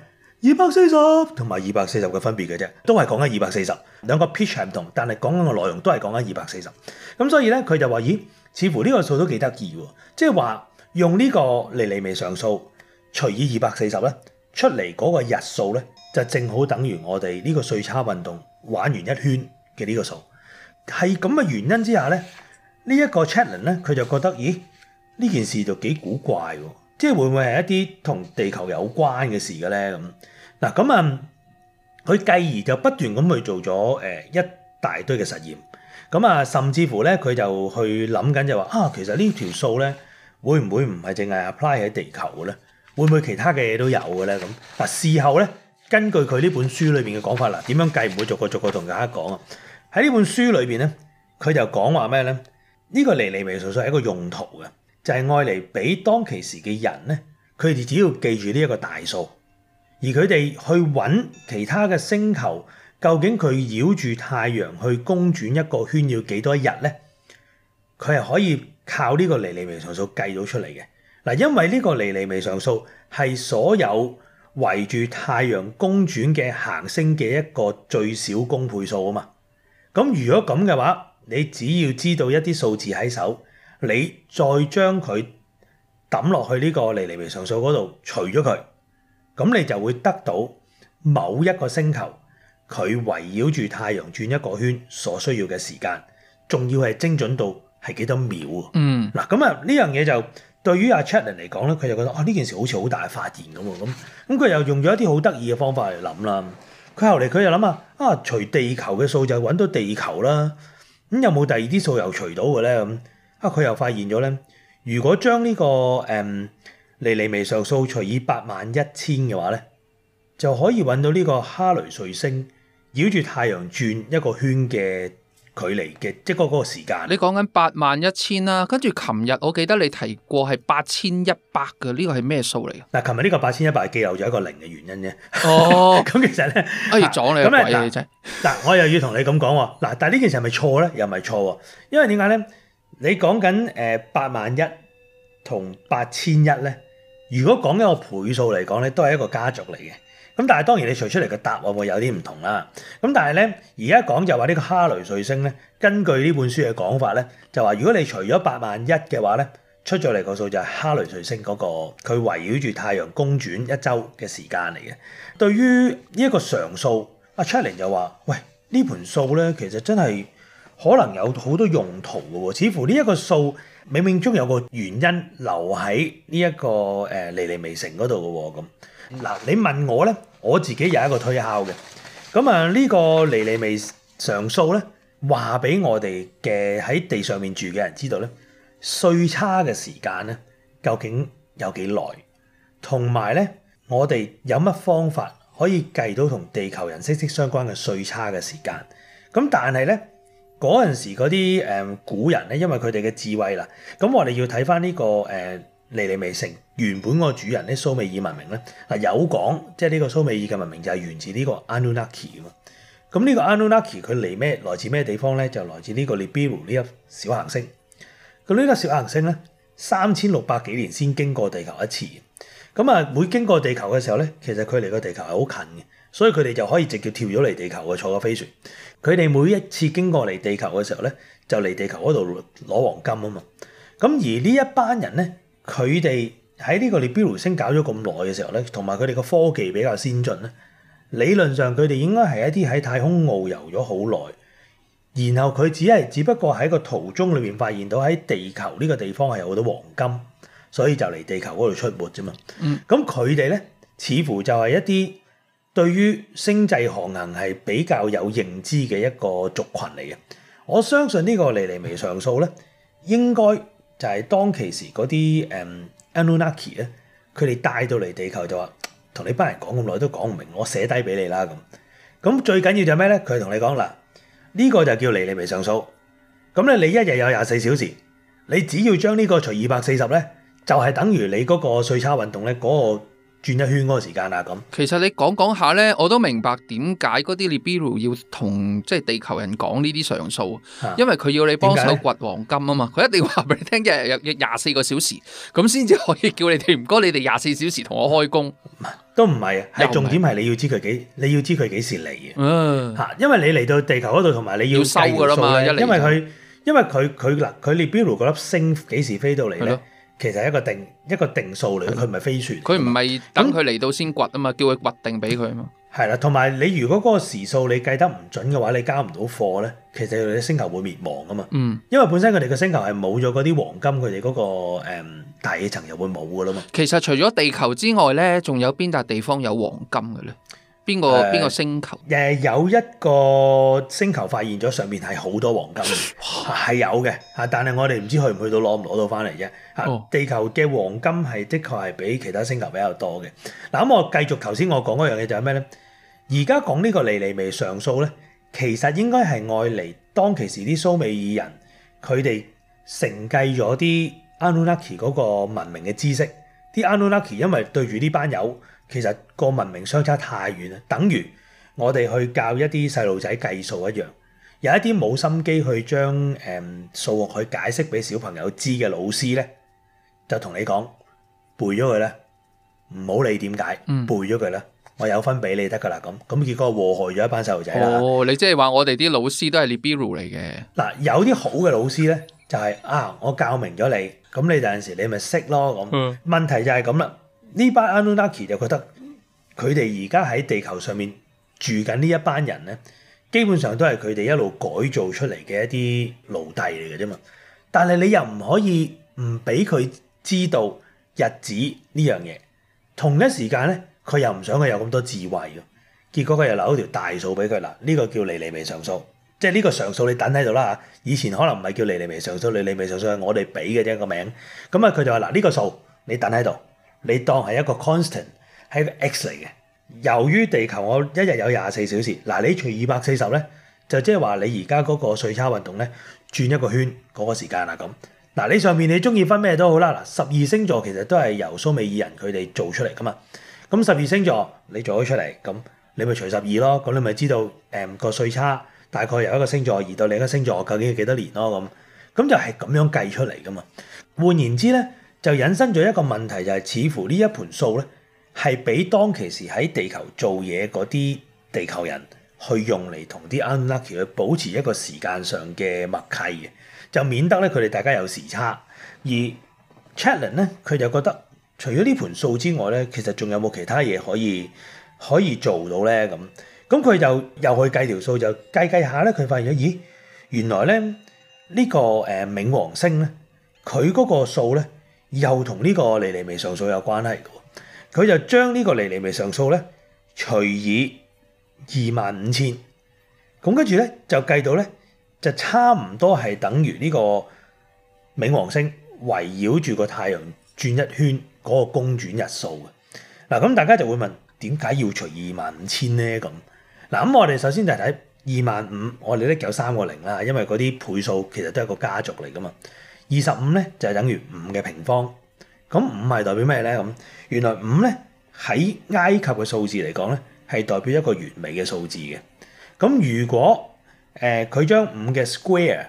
二百四十同埋二百四十嘅分別嘅啫，都係講緊二百四十兩個 pitch 係唔同，但係講緊嘅內容都係講緊二百四十。咁所以咧，佢就話：咦，似乎呢個數都幾得意喎！即係話用呢個尼尼微常數除以二百四十咧，240，出嚟嗰個日數咧，就正好等於我哋呢個歲差運動玩完一圈嘅呢個數。係咁嘅原因之下咧，呢、這、一個 challenge 咧，佢就覺得：咦，呢件事就幾古怪喎！即係會唔會係一啲同地球有關嘅事嘅咧？咁嗱，咁啊，佢繼而就不斷咁去做咗誒一大堆嘅實驗。咁啊，甚至乎咧，佢就去諗緊就話啊，其實呢條數咧，會唔會唔係淨係 apply 喺地球嘅咧？會唔會其他嘅嘢都有嘅咧？咁，但事後咧，根據佢呢本書裏邊嘅講法，嗱，點樣計唔會逐個逐個同大家講啊。喺呢本書裏邊咧，佢就講話咩咧呢、呢個尼尼微數純粹係一個用途嘅。就係愛嚟俾當其時嘅人咧，佢哋只要記住呢一個大數，而佢哋去揾其他嘅星球，究竟佢繞住太陽去公轉一個圈要幾多日咧？佢係可以靠呢個尼尼微常數計到出嚟嘅。嗱，因為呢個尼尼微常數係所有圍住太陽公轉嘅行星嘅一個最小公倍數啊嘛。咁如果咁嘅話，你只要知道一啲數字喺手。你再將佢抌落去呢個尼尼微常數嗰度除咗佢，咁你就會得到某一個星球佢圍繞住太陽轉一個圈所需要嘅時間，仲要係精準到係幾多秒啊？嗯，嗱，咁啊呢樣嘢就對於阿 Chatton 嚟講咧，佢就覺得啊呢件事好似好大嘅發現咁，咁咁佢又用咗一啲好得意嘅方法嚟諗啦。佢後嚟佢又諗啊啊除地球嘅數就揾到地球啦，咁有冇第二啲數又除到嘅咧咁？啊！佢又發現咗咧，如果將呢、呢個誒尼尼微常數除以八萬一千嘅話咧，就可以揾到呢個哈雷彗星繞住太陽轉一個圈嘅距離嘅，即係嗰嗰個時間。你講緊八萬一千啦，跟住琴日我記得你提過係八千一百嘅，呢個係咩數嚟嘅？嗱，琴日呢個八千一百係記漏咗一個零嘅原因啫。哦，咁 其實咧呢，可以撞你鬼嘢啫！嗱，我又要同你咁講，嗱，但係呢件事係咪錯咧？又唔係錯，因為點解咧？你講緊誒八萬一同八千一咧，如果講緊個倍數嚟講咧，都係一個家族嚟嘅。咁但係當然你除出嚟嘅答案會有啲唔同啦。咁但係咧，而家講就話呢個哈雷彗星咧，根據呢本書嘅講法咧，就話如果你除咗八萬一嘅話咧，出咗嚟個數就係哈雷彗星嗰個、那個佢圍繞住太陽公轉一周嘅時間嚟嘅。對於呢一個常數，阿 Chatelain 就話：喂，盤數呢盤數咧，其實真係。可能有好多用途嘅喎，似乎呢一個數冥冥中有個原因留喺呢一個誒離離微城嗰度嘅喎咁。嗱，你問我咧，我自己有一個推敲嘅。咁啊，這個、尼尼呢個尼尼微常數咧，話俾我哋嘅喺地上面住嘅人知道咧，歲差嘅時間咧究竟有幾耐，同埋咧我哋有乜方法可以計到同地球人息息相關嘅歲差嘅時間？咁但係咧。嗰陣時嗰啲誒古人咧，因為佢哋嘅智慧啦，咁我哋要睇翻呢個誒尼尼微城原本個主人咧蘇美爾文明咧，嗱有講，即係呢個蘇美爾嘅文明就係源自呢個 Anunnaki 啊。咁呢個 Anunnaki 佢嚟咩？來自咩地方咧？就來自呢個 Nibiru 呢粒小行星。佢呢粒小行星咧，三千六百幾年先經過地球一次。咁啊，每經過地球嘅時候咧，其實佢離個地球係好近嘅。所以佢哋就可以直接跳咗嚟地球嘅，坐個飛船。佢哋每一次經過嚟地球嘅時候咧，就嚟地球嗰度攞黃金啊嘛。咁而一呢一班人咧，佢哋喺呢個利比盧星搞咗咁耐嘅時候咧，同埋佢哋個科技比較先進咧，理論上佢哋應該係一啲喺太空遨遊咗好耐，然後佢只係只不過喺個途中裏面發現到喺地球呢個地方係有好多黃金，所以就嚟地球嗰度出沒啫嘛。嗯，咁佢哋咧似乎就係一啲。對於星際航行係比較有認知嘅一個族群嚟嘅，我相信呢個尼尼微常數咧，應該就係當其時嗰啲誒 Anunnaki 咧，佢、嗯、哋帶到嚟地球就話，同你班人講咁耐都講唔明，我寫低俾你啦咁。咁最緊要就係咩咧？佢同你講嗱，呢、呢個就叫尼尼微常數。咁咧，你一日有廿四小時，你只要將呢個除二百四十咧，就係等於你嗰個歲差運動咧、嗰、嗰個轉一圈嗰個時間啊，咁其實你講講下咧，我都明白點解嗰啲列比魯要同即係地球人講呢啲常數，啊、因為佢要你幫手掘黃金啊嘛，佢一定要話俾你聽，日日廿四個小時，咁先至可以叫你哋唔該，你哋廿四小時同我開工，都唔係啊。係重點係你要知佢幾，你要知佢幾時嚟嘅嚇，因為你嚟到地球嗰度，同埋你要收㗎啦嘛，因為佢因為佢佢佢列比魯嗰粒星幾時飛到嚟咧？其實係一個定一個定數嚟，佢唔係飛船，佢唔係等佢嚟到先掘啊嘛，嗯、叫佢掘定俾佢啊嘛。係啦，同埋你如果嗰個時數你計得唔準嘅話，你交唔到貨咧，其實佢哋星球會滅亡啊嘛。嗯，因為本身佢哋個星球係冇咗嗰啲黃金，佢哋嗰個、嗯、大氣層又會冇㗎啦嘛。其實除咗地球之外咧，仲有邊笪地方有黃金嘅咧？邊個邊個星球？誒、呃，有一個星球發現咗，上面係好多黃金，係哇有嘅吓。但係我哋唔知去唔去到攞，唔攞到翻嚟啫吓。哦、地球嘅黃金係的確係比其他星球比較多嘅。嗱，咁我繼續頭先我講嗰樣嘢就係咩咧？而家講呢個尼尼微常數咧，其實應該係外嚟當其時啲蘇美爾人，佢哋承繼咗啲 Anunnaki 嗰個文明嘅知識。啲 Anunnaki 因為對住呢班友。其實個文明相差太遠啦，等於我哋去教一啲細路仔計數一樣。有一啲冇心機去將誒數學去解釋俾小朋友知嘅老師咧，就同你講背咗佢咧，唔好理點解，背咗佢咧，我有分俾你得噶啦咁。咁結果禍害咗一班細路仔啦。哦，你即係話我哋啲老師都係 liberal 嚟嘅。嗱，有啲好嘅老師咧，就係、是、啊，我教明咗你，咁你有陣時你咪識咯。咁、嗯、問題就係咁啦。呢班 Anunnaki 就覺得佢哋而家喺地球上面住緊呢一班人咧，基本上都係佢哋一路改造出嚟嘅一啲奴隸嚟嘅啫嘛。但係你又唔可以唔俾佢知道日子呢樣嘢。同一時間咧，佢又唔想佢有咁多智慧，結果佢又留咗條大數俾佢嗱，呢、這個叫尼尼微常數，即係呢個常數你等喺度啦嚇。以前可能唔係叫尼尼微常數，尼尼微常數係我哋俾嘅啫個名。咁啊，佢就話嗱，呢個數你等喺度。你當係一個 constant，係一個 X 嚟嘅。由於地球我一日有廿四小時，嗱，你除二百四十咧，就即係話你而家嗰個歲差運動咧，轉一個圈嗰個時間啦咁。嗱，你上面你中意分咩都好啦，嗱，十二星座其實都係由蘇美爾人佢哋做出嚟噶嘛。咁十二星座你做咗出嚟，咁你咪除十二咯，咁你咪知道誒個、嗯、歲差大概由一個星座移到另一個星座究竟要幾多年咯咁。咁就係咁樣計出嚟噶嘛。換言之咧。就引申咗一個問題，就係、是、似乎呢一盤數咧，係俾當其時喺地球做嘢嗰啲地球人去用嚟同啲 Anunnaki 去保持一個時間上嘅默契嘅，就免得咧佢哋大家有時差。而 Challan 咧，佢就覺得除咗呢盤數之外咧，其實仲有冇其他嘢可以可以做到咧？咁咁佢就又去計條數，就計計下咧，佢發現咗咦，原來咧呢、這個誒冥王星咧，佢嗰個數咧。又同呢個尼尼微常數有關係嘅，佢就將呢個尼尼微常數咧除以二萬五千，咁跟住咧就計到咧就差唔多係等於呢個冥王星圍繞住個太陽轉一圈嗰個公轉日數嘅。嗱咁大家就會問點解要除二萬五千咧？咁嗱咁我哋首先就係睇二萬五，我哋呢有三個零啦，因為嗰啲倍數其實都係一個家族嚟噶嘛。二十五咧就係等於五嘅平方，咁五係代表咩咧？咁原來五咧喺埃及嘅數字嚟講咧，係代表一個完美嘅數字嘅。咁如果誒佢、呃、將五嘅 square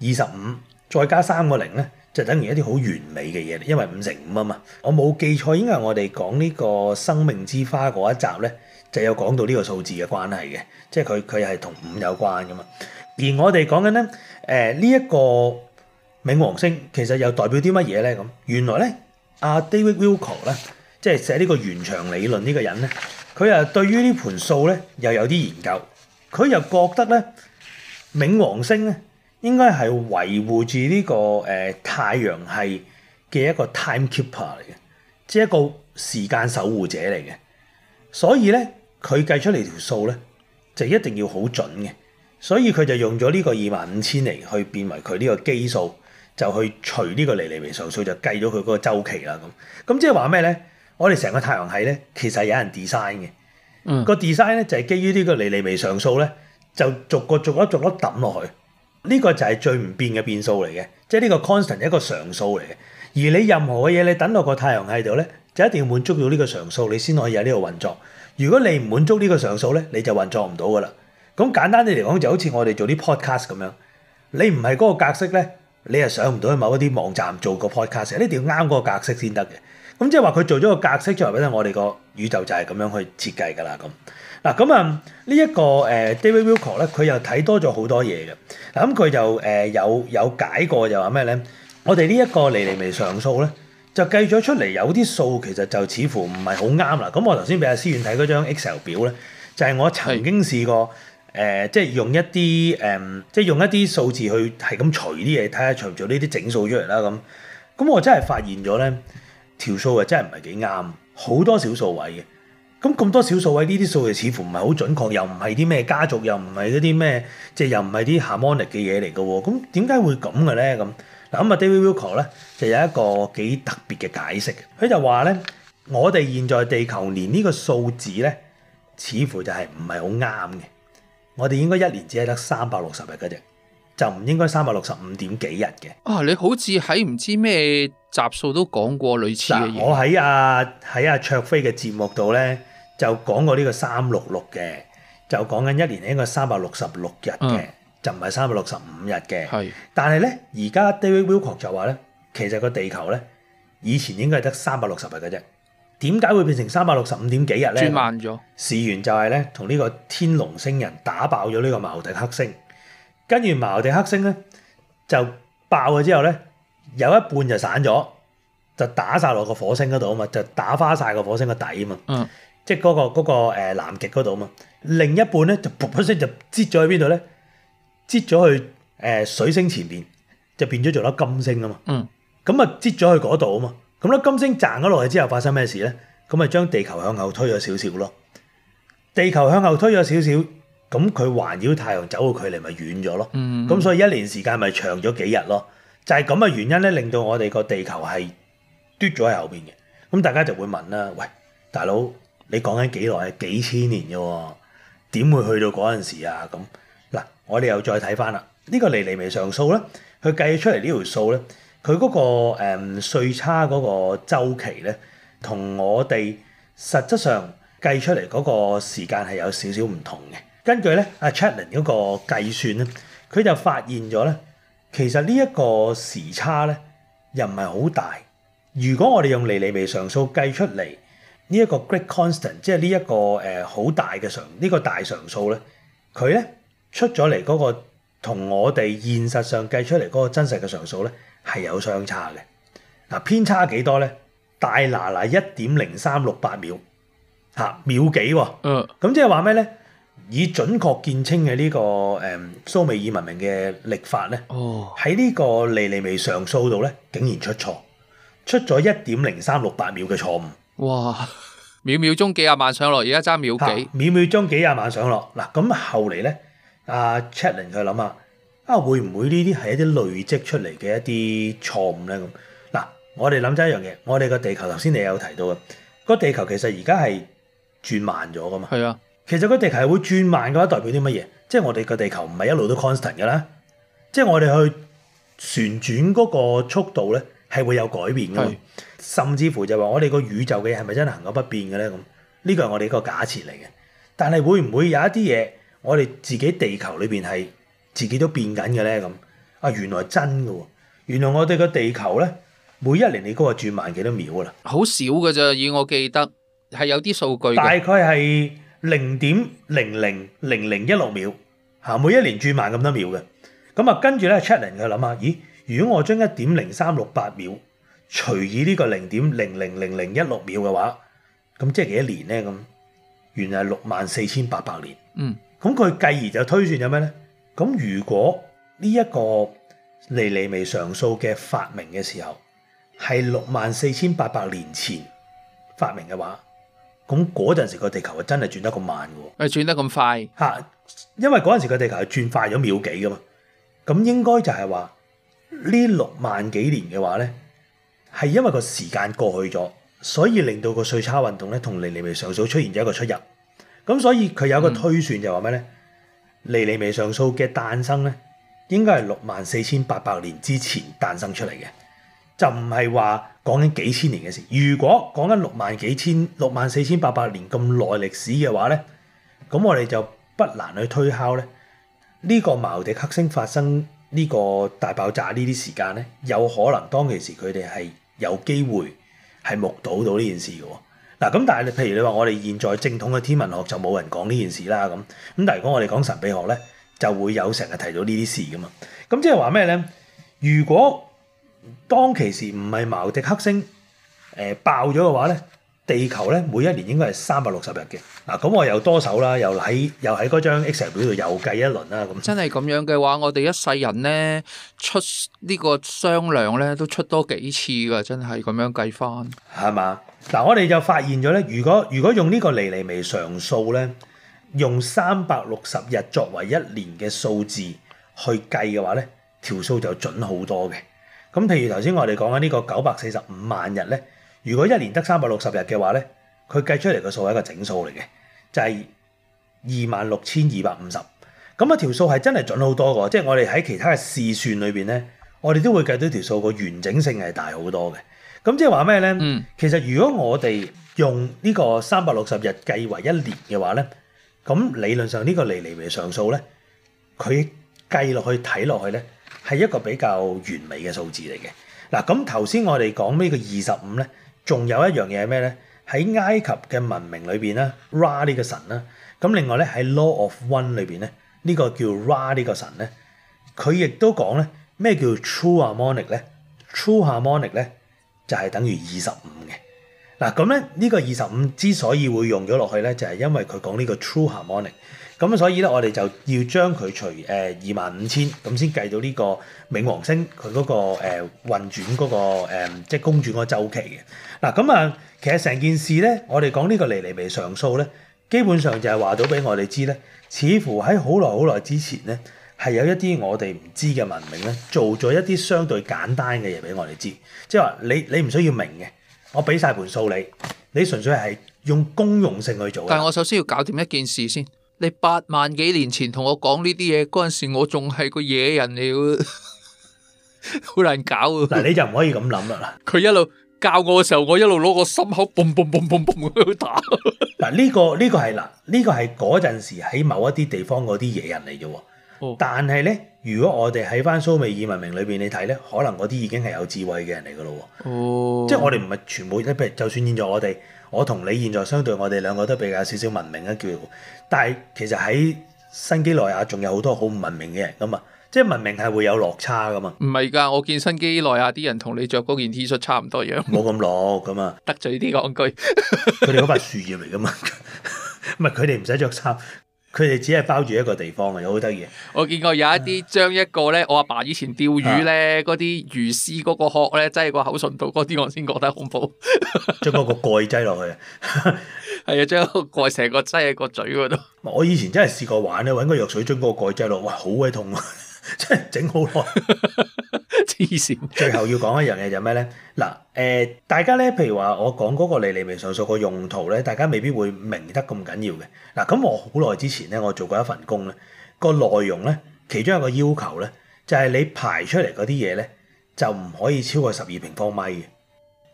二十五再加三個零咧，就等於一啲好完美嘅嘢，因為五乘五啊嘛。我冇記錯，應該係我哋講呢個生命之花嗰一集咧，就有講到呢個數字嘅關係嘅，即係佢佢係同五有關噶嘛。而我哋講緊咧誒呢一、呃這個。冥王星其實又代表啲乜嘢咧？咁原來咧，阿 David Wilcock 咧，即係寫呢個圓場理論呢個人咧，佢啊對於呢盤數咧又有啲研究，佢又覺得咧，冥王星咧應該係維護住呢個誒太陽系嘅一個 timekeeper 嚟嘅，即係一個時間守護者嚟嘅。所以咧，佢計出嚟條數咧就一定要好準嘅，所以佢就用咗呢個二萬五千嚟去變為佢呢個基數。就去除呢個尼尼微常數，就計咗佢嗰個週期啦。咁咁即係話咩咧？我哋成個太陽系咧，其實有人 design 嘅。嗯，個 design 咧就係、是、基於個尼尼呢個尼尼微常數咧，就逐個逐粒逐粒揼落去。呢、這個就係最唔變嘅變數嚟嘅，即係呢個 constant 一個常數嚟嘅。而你任何嘅嘢，你等落個太陽系度咧，就一定要滿足到呢個常數，你先可以喺呢度運作。如果你唔滿足個上呢個常數咧，你就運作唔到噶啦。咁簡單地嚟講，就好似我哋做啲 podcast 咁樣，你唔係嗰個格式咧。你係上唔到去某一啲網站做個 podcast，你一定要啱嗰個格式先得嘅。咁即係話佢做咗個格式出嚟，俾咧我哋個宇宙就係咁樣去設計㗎啦。咁嗱咁啊呢一、這個誒、呃、David Wilcock 咧，佢又睇多咗好多嘢嘅。嗱咁佢就誒有有解過就離離離，就話咩咧？我哋呢一個尼尼微常數咧，就計咗出嚟，有啲數其實就似乎唔係好啱啦。咁我頭先俾阿思遠睇嗰張 Excel 表咧，就係、是、我曾經試過。誒、呃，即係用一啲誒、呃，即係用一啲數字去係咁除啲嘢，睇下除唔除呢啲整數出嚟啦咁。咁我真係發現咗咧，條數誒真係唔係幾啱，好多小數位嘅。咁咁多小數位，呢啲數字似乎唔係好準確，又唔係啲咩家族，又唔係嗰啲咩，即係又唔係啲 harmonic 嘅嘢嚟嘅喎。咁點解會咁嘅咧？咁嗱咁啊，David Wilcock 咧就有一個幾特別嘅解釋。佢就話咧，我哋現在地球年呢個數字咧，似乎就係唔係好啱嘅。我哋應該一年只係得三百六十日嘅啫，就唔應該三百六十五點幾日嘅。啊，你好似喺唔知咩集數都講過類似嘅嘢。我喺阿喺阿卓飛嘅節目度咧，就講過呢個三六六嘅，就講緊一年應該三百六十六日嘅，嗯、就唔係三百六十五日嘅。係是，但係咧，而家 David Wilcock 就話咧，其實個地球咧，以前應該係得三百六十日嘅啫。點解會變成三百六十五點幾日咧？轉慢咗。事緣就係咧，同呢個天龍星人打爆咗呢個毛地克星，跟住毛地克星咧就爆咗之後咧，有一半就散咗，就打晒落個火星嗰度啊嘛，就打花晒個火星個底啊嘛。嗯。即係、嗰個、嗰個、嗰個誒南極嗰度啊嘛，另一半咧就噗噗聲就擠咗去邊度咧？擠咗去誒水星前面，就變咗做粒金星啊嘛。嗯。咁啊，擠咗去嗰度啊嘛。咁咧金星賺咗落去之後發生咩事咧？咁咪將地球向後推咗少少咯。地球向後推咗少少，咁佢環繞太陽走嘅距離咪遠咗咯？咁、嗯嗯、所以一年時間咪長咗幾日咯？就係咁嘅原因咧，令到我哋個地球係嘟咗喺後邊嘅。咁大家就會問啦，喂，大佬，你講緊幾耐？幾千年嘅喎，點會去到嗰陣時啊？咁嗱，我哋又再睇翻啦。呢、這個尼尼微常數咧，佢計出嚟呢條數咧。佢嗰、那個誒歲、嗯、差嗰個週期咧，同我哋實質上計出嚟嗰個時間係有少少唔同嘅。根據咧阿 Challen 嗰個計算咧，佢就發現咗咧，其實呢一個時差咧又唔係好大。如果我哋用尼尼微常數計出嚟呢一個 Great Constant，即係呢一個誒好大嘅常，呢、這個大常數咧，佢咧出咗嚟嗰個，同我哋現實上計出嚟嗰個真實嘅常數咧，係有相差嘅。嗱，偏差幾多咧？大嗱嗱一點零三六八秒，嚇、啊、秒幾、哦？嗯。咁即係話咩咧？以準確見稱嘅呢個誒、嗯、蘇美爾文明嘅歷法咧，喺呢、哦、個尼尼微常數度咧，竟然出錯，出咗一點零三六八秒嘅錯誤。哇！秒秒鐘幾廿萬上落，而家爭秒幾、啊？秒秒鐘幾廿萬上落。嗱、啊，咁後嚟咧？阿 Challen 佢諗下啊，會唔會呢啲係一啲累積出嚟嘅一啲錯誤咧？咁，嗱，我哋諗咗一樣嘢，我哋個地球頭先你有提到嘅，個地球其實而家係轉慢咗噶嘛？係啊的，其實個地球係會轉慢嘅話，代表啲乜嘢？即係我哋個地球唔係一路都 constant 㗎啦，即係我哋去旋轉嗰個速度咧，係會有改變嘅，的甚至乎就話我哋個宇宙嘅嘢係咪真係恆久不變嘅咧？咁呢個係我哋一個假設嚟嘅，但係會唔會有一啲嘢？我哋自己地球裏邊係自己都變緊嘅咧，咁啊原來真㗎喎，原來我哋個地球咧每一年你嗰個轉慢幾多秒噶啦，好少㗎咋。以我記得係有啲數據，大概係零點零零零零一六秒嚇，每一年轉慢咁多秒嘅，咁啊跟住咧，Charlie 佢諗下，咦？如果我將一點零三六八秒除以呢個零點零零零零一六秒嘅話，咁即係幾多年咧？咁原來係六萬四千八百年。嗯。嗯。咁佢繼而就推算咗咩呢？咁如果呢一個尼尼微常數嘅發明嘅時候係六萬四千八百年前發明嘅話，咁嗰陣時個地球係真係轉得咁慢喎。係轉得咁快嚇？因為嗰陣時個地球係轉快咗秒幾㗎嘛。咁應該就係話呢六萬幾年嘅話呢，係因為個時間過去咗，所以令到個歲差運動呢同尼尼微常數出現咗一個出入。咁所以佢有個推算就話咩咧？尼尼微常數嘅誕生咧，應該係六萬四千八百年之前誕生出嚟嘅，就唔係話講緊幾千年嘅事。如果講緊六萬幾千、六萬四千八百年咁耐歷史嘅話咧，咁我哋就不難去推敲咧，呢個茅地克星發生呢個大爆炸呢啲時間咧，有可能當其時佢哋係有機會係目睹到呢件事嘅。嗱，咁但係你，譬如你話我哋現在正統嘅天文學就冇人講呢件事啦，咁咁但係如果我哋講神秘學咧，就會有成日提到呢啲事噶嘛。咁即係話咩咧？如果當其時唔係茅迪克星誒爆咗嘅話咧，地球咧每一年應該係三百六十日嘅。嗱，咁我又多手啦，又喺又喺嗰張 Excel 表度又計一輪啦。咁真係咁樣嘅話，我哋一世人咧出呢個雙糧咧都出多幾次噶，真係咁樣計返係咪？嗱，我哋就發現咗咧，如果如果用呢個尼尼微常數咧，用三百六十日作為一年嘅數字去計嘅話咧，條數就準好多嘅。咁譬如頭先我哋講緊呢個九百四十五萬日咧，如果一年得三百六十日嘅話咧，佢計出嚟嘅數係一個整數嚟嘅，就係二萬六千二百五十。咁啊條數係真係準好多㗎，即係我哋喺其他嘅試算裏邊咧，我哋都會計到條數個完整性係大好多嘅。咁即係話咩咧？嗯、其實如果我哋用呢個三百六十日計為一年嘅話咧，咁理論上呢個嚟嚟為上數咧，佢計落去睇落去咧，係一個比較完美嘅數字嚟嘅。嗱、啊，咁頭先我哋講呢個二十五咧，仲有一樣嘢係咩咧？喺埃及嘅文明裏邊咧，Ra 呢個神啦、啊，咁另外咧喺 Law of One 裏邊咧，呢、這個叫 Ra 呢個神咧，佢亦都講咧咩叫 True Harmonic 咧？True Harmonic 咧？就係等於二十五嘅嗱，咁咧呢、這個二十五之所以會用咗落去咧，就係、是、因為佢講呢個 true harmonic，咁所以咧我哋就要將佢除誒二萬五千，咁先計到呢個冥王星佢嗰、那個誒運轉嗰個、呃、即係公轉嗰個週期嘅。嗱咁啊，其實成件事咧，我哋講呢個尼尼微常數咧，基本上就係話到俾我哋知咧，似乎喺好耐好耐之前咧。係有一啲我哋唔知嘅文明咧，做咗一啲相對簡單嘅嘢俾我哋知，即係話你你唔需要明嘅，我俾晒盤數你，你純粹係用公用性去做。但係我首先要搞掂一件事先，你八萬幾年前同我講呢啲嘢嗰陣時，我仲係個野人嚟，好 難搞㗎。嗱，你就唔可以咁諗啦。佢一路教我嘅時候，我一路攞個心口嘣嘣嘣嘣嘣打。嗱， 呢個，呢個係嗱，呢個係嗰陣時喺某一啲地方嗰啲野人嚟啫。但係咧，如果我哋喺翻蘇美爾文明裏邊你睇咧，可能嗰啲已經係有智慧嘅人嚟噶咯喎。哦，即係我哋唔係全部，譬如就算現在我哋，我同你現在相對，我哋兩個都比較少少文明嘅叫。但係其實喺新幾內亞仲有好多好唔文明嘅人噶嘛，即係文明係會有落差噶嘛。唔係㗎，我見新幾內亞啲人同你着嗰件 T 恤差唔多樣，冇咁落噶啊，得罪啲講句，佢哋嗰塊樹葉嚟噶嘛，唔係佢哋唔使着衫。佢哋只係包住一個地方嘅，好得意。我見過有一啲將一個咧，啊、我阿爸，爸以前釣魚咧，嗰啲、啊、魚絲嗰個殼咧，擠喺個口唇度嗰啲，我先覺得恐怖。 將嗰個蓋擠落去，係 啊，將個蓋成個擠喺個嘴嗰度。我以前真係試過玩咧，揾個藥水樽嗰個蓋擠落，哇，好鬼痛啊！ 真 係整好耐，黐線。最後要講一樣嘢就係咩咧？嗱，誒，大家咧，譬如話我講嗰個尼尼微上述個用途咧，大家未必會明得咁緊要嘅。嗱，咁我好耐之前咧，我做過一份工咧，個內容咧，其中一個要求咧，就係你排出嚟嗰啲嘢咧，就唔可以超過十二平方米嘅。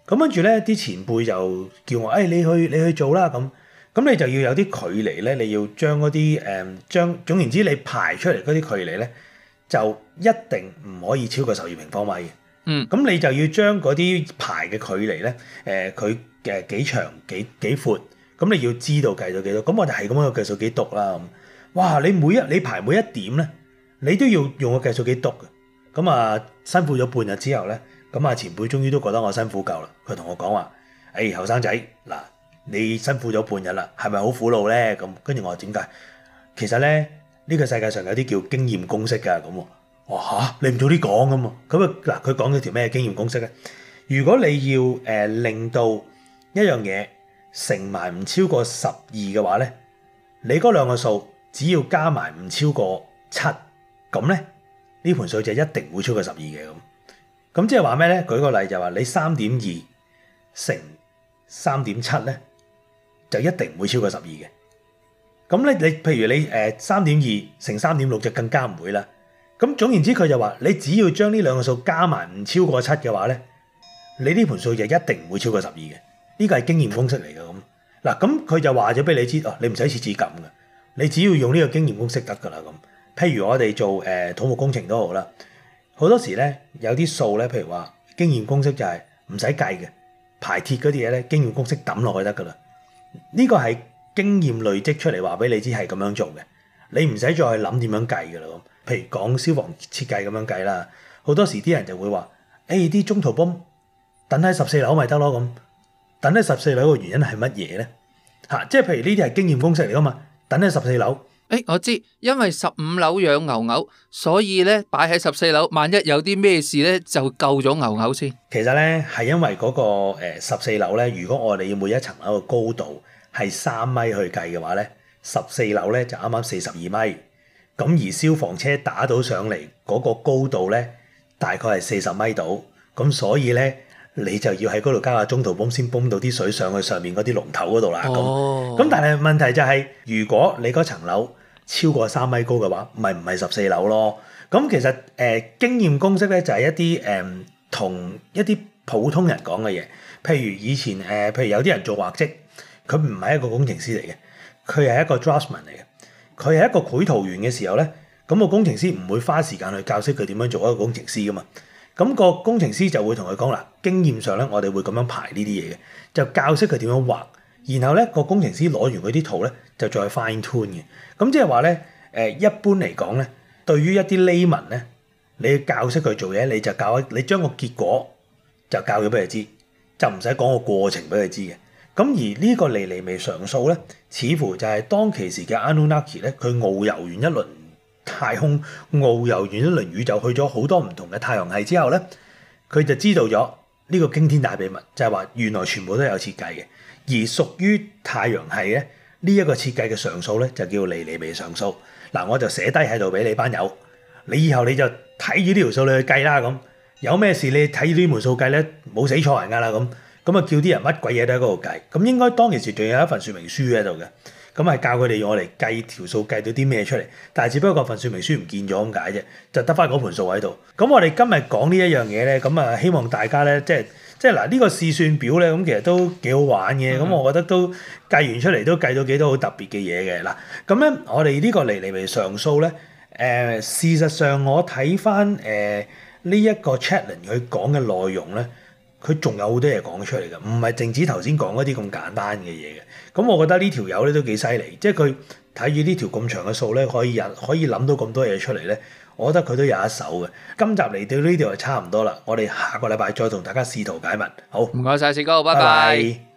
咁跟住咧，啲前輩就叫我，誒、哎，你去你去做啦，咁，咁你就要有啲距離咧，你要將嗰啲，誒、嗯，將，總言之，你排出嚟嗰啲距離咧。就一定唔可以超過十二平方米。嗯，咁你就要將嗰啲排嘅距離咧，誒、呃，佢嘅幾長、幾幾闊，咁你要知道計咗幾多，咁我就係咁樣用計數機篤啦。咁，哇！你每一你排每一點咧，你都要用個計數機篤嘅。咁啊，辛苦咗半日之後咧，咁啊，前輩終於都覺得我辛苦夠啦。佢同我講話：，誒、欸，後生仔，嗱，你辛苦咗半日啦，係咪好苦惱咧？咁，跟住我點解？其實咧。呢個世界上有啲叫經驗公式㗎，咁喎！哇，你唔早啲講㗎嘛？咁啊，嗱，佢講咗條咩經驗公式咧？如果你要誒令到一樣嘢乘埋唔超過十二嘅話咧，你嗰兩個數只要加埋唔超過七，咁咧呢盤數就一定會超過十二嘅咁。咁即係話咩咧？舉個例就話你三點二乘三點七咧，就一定唔會超過十二嘅。咁咧，你譬如你誒三點二乘三點六就更加唔會啦。咁總言之，佢就話你只要將呢兩個數加埋唔超過七嘅話咧，你呢盤數就一定唔會超過十二嘅。呢個係經驗公式嚟嘅。咁。嗱，咁佢就話咗俾你知哦，你唔使設置咁嘅，你只要用呢個經驗公式得㗎啦。咁譬如我哋做誒土木工程都好啦，好多時咧有啲數咧，譬如話經驗公式就係唔使計嘅，排鐵嗰啲嘢咧經驗公式抌落去得㗎啦。呢個係。經驗累積出嚟話俾你知係咁樣做嘅，你唔使再諗點樣計噶啦。咁，譬如講消防設計咁樣計啦，好多時啲人就會話，誒、欸，啲中途泵等喺十四樓咪得咯？咁，等喺十四樓嘅原因係乜嘢咧？吓、啊，即係譬如呢啲係經驗公式嚟噶嘛？等喺十四樓，誒、欸，我知，因為十五樓養牛牛，所以咧擺喺十四樓，萬一有啲咩事咧就救咗牛牛先。其實咧係因為嗰、那個誒十四樓咧，如果我哋每一層樓嘅高度。係三米去計嘅話咧，十四樓咧就啱啱四十二米。咁而消防車打到上嚟嗰個高度咧，大概係四十米度。咁所以咧，你就要喺嗰度加下中途泵，先泵到啲水上去上面嗰啲龍頭嗰度啦。咁咁、哦，但係問題就係、是，如果你嗰層樓超過三米高嘅話，咪唔係十四樓咯。咁其實誒、呃、經驗公式咧，就、嗯、係一啲誒同一啲普通人講嘅嘢，譬如以前誒、呃，譬如有啲人做畫跡。佢唔係一個工程師嚟嘅，佢係一個 draftman 嚟嘅，佢係一個繪圖員嘅時候咧，咁個工程師唔會花時間去教識佢點樣做一個工程師噶嘛，咁個工程師就會同佢講啦，經驗上咧，我哋會咁樣排呢啲嘢嘅，就教識佢點樣畫，然後咧個工程師攞完嗰啲圖咧，就再 fine tune 嘅，咁即係話咧，誒一般嚟講咧，對於一啲 layman 咧，你教識佢做嘢，你就教你將個結果就教咗俾佢知，就唔使講個過程俾佢知嘅。咁而呢個尼尼微常數咧，似乎就係當其時嘅 Anunnaki 咧，佢遨遊完一輪太空，遨遊完一輪宇宙，去咗好多唔同嘅太陽系之後咧，佢就知道咗呢個驚天大秘密，就係話原來全部都有設計嘅。而屬於太陽系咧呢一個設計嘅常數咧，就叫尼尼微常數。嗱，我就寫低喺度俾你班友，你以後你就睇住呢條數你去計啦。咁有咩事你睇住呢啲門數計咧，冇死錯人㗎啦。咁咁啊，就叫啲人乜鬼嘢都喺嗰度計，咁應該當其時仲有一份說明書喺度嘅，咁係教佢哋用我嚟計條數，計到啲咩出嚟？但係只不過份說明書唔見咗咁解啫，就得翻嗰盤數喺度。咁我哋今日講呢一樣嘢咧，咁啊，希望大家咧，即係即係嗱，呢、呢個試算表咧，咁其實都幾好玩嘅。咁、嗯嗯、我覺得都計完出嚟都計到幾多好特別嘅嘢嘅嗱。咁咧，我哋呢個嚟嚟嚟上訴咧，誒、呃，事實上我睇翻誒呢一個 channel 佢講嘅內容咧。佢仲有好多嘢講出嚟㗎，唔係淨止頭先講嗰啲咁簡單嘅嘢嘅。咁我覺得呢條友咧都幾犀利，即係佢睇住呢條咁長嘅數咧，可以引可以諗到咁多嘢出嚟咧，我覺得佢都有一手嘅。今集嚟到呢度就差唔多啦，我哋下個禮拜再同大家試圖解密。好，唔該晒，四哥，拜拜。拜拜。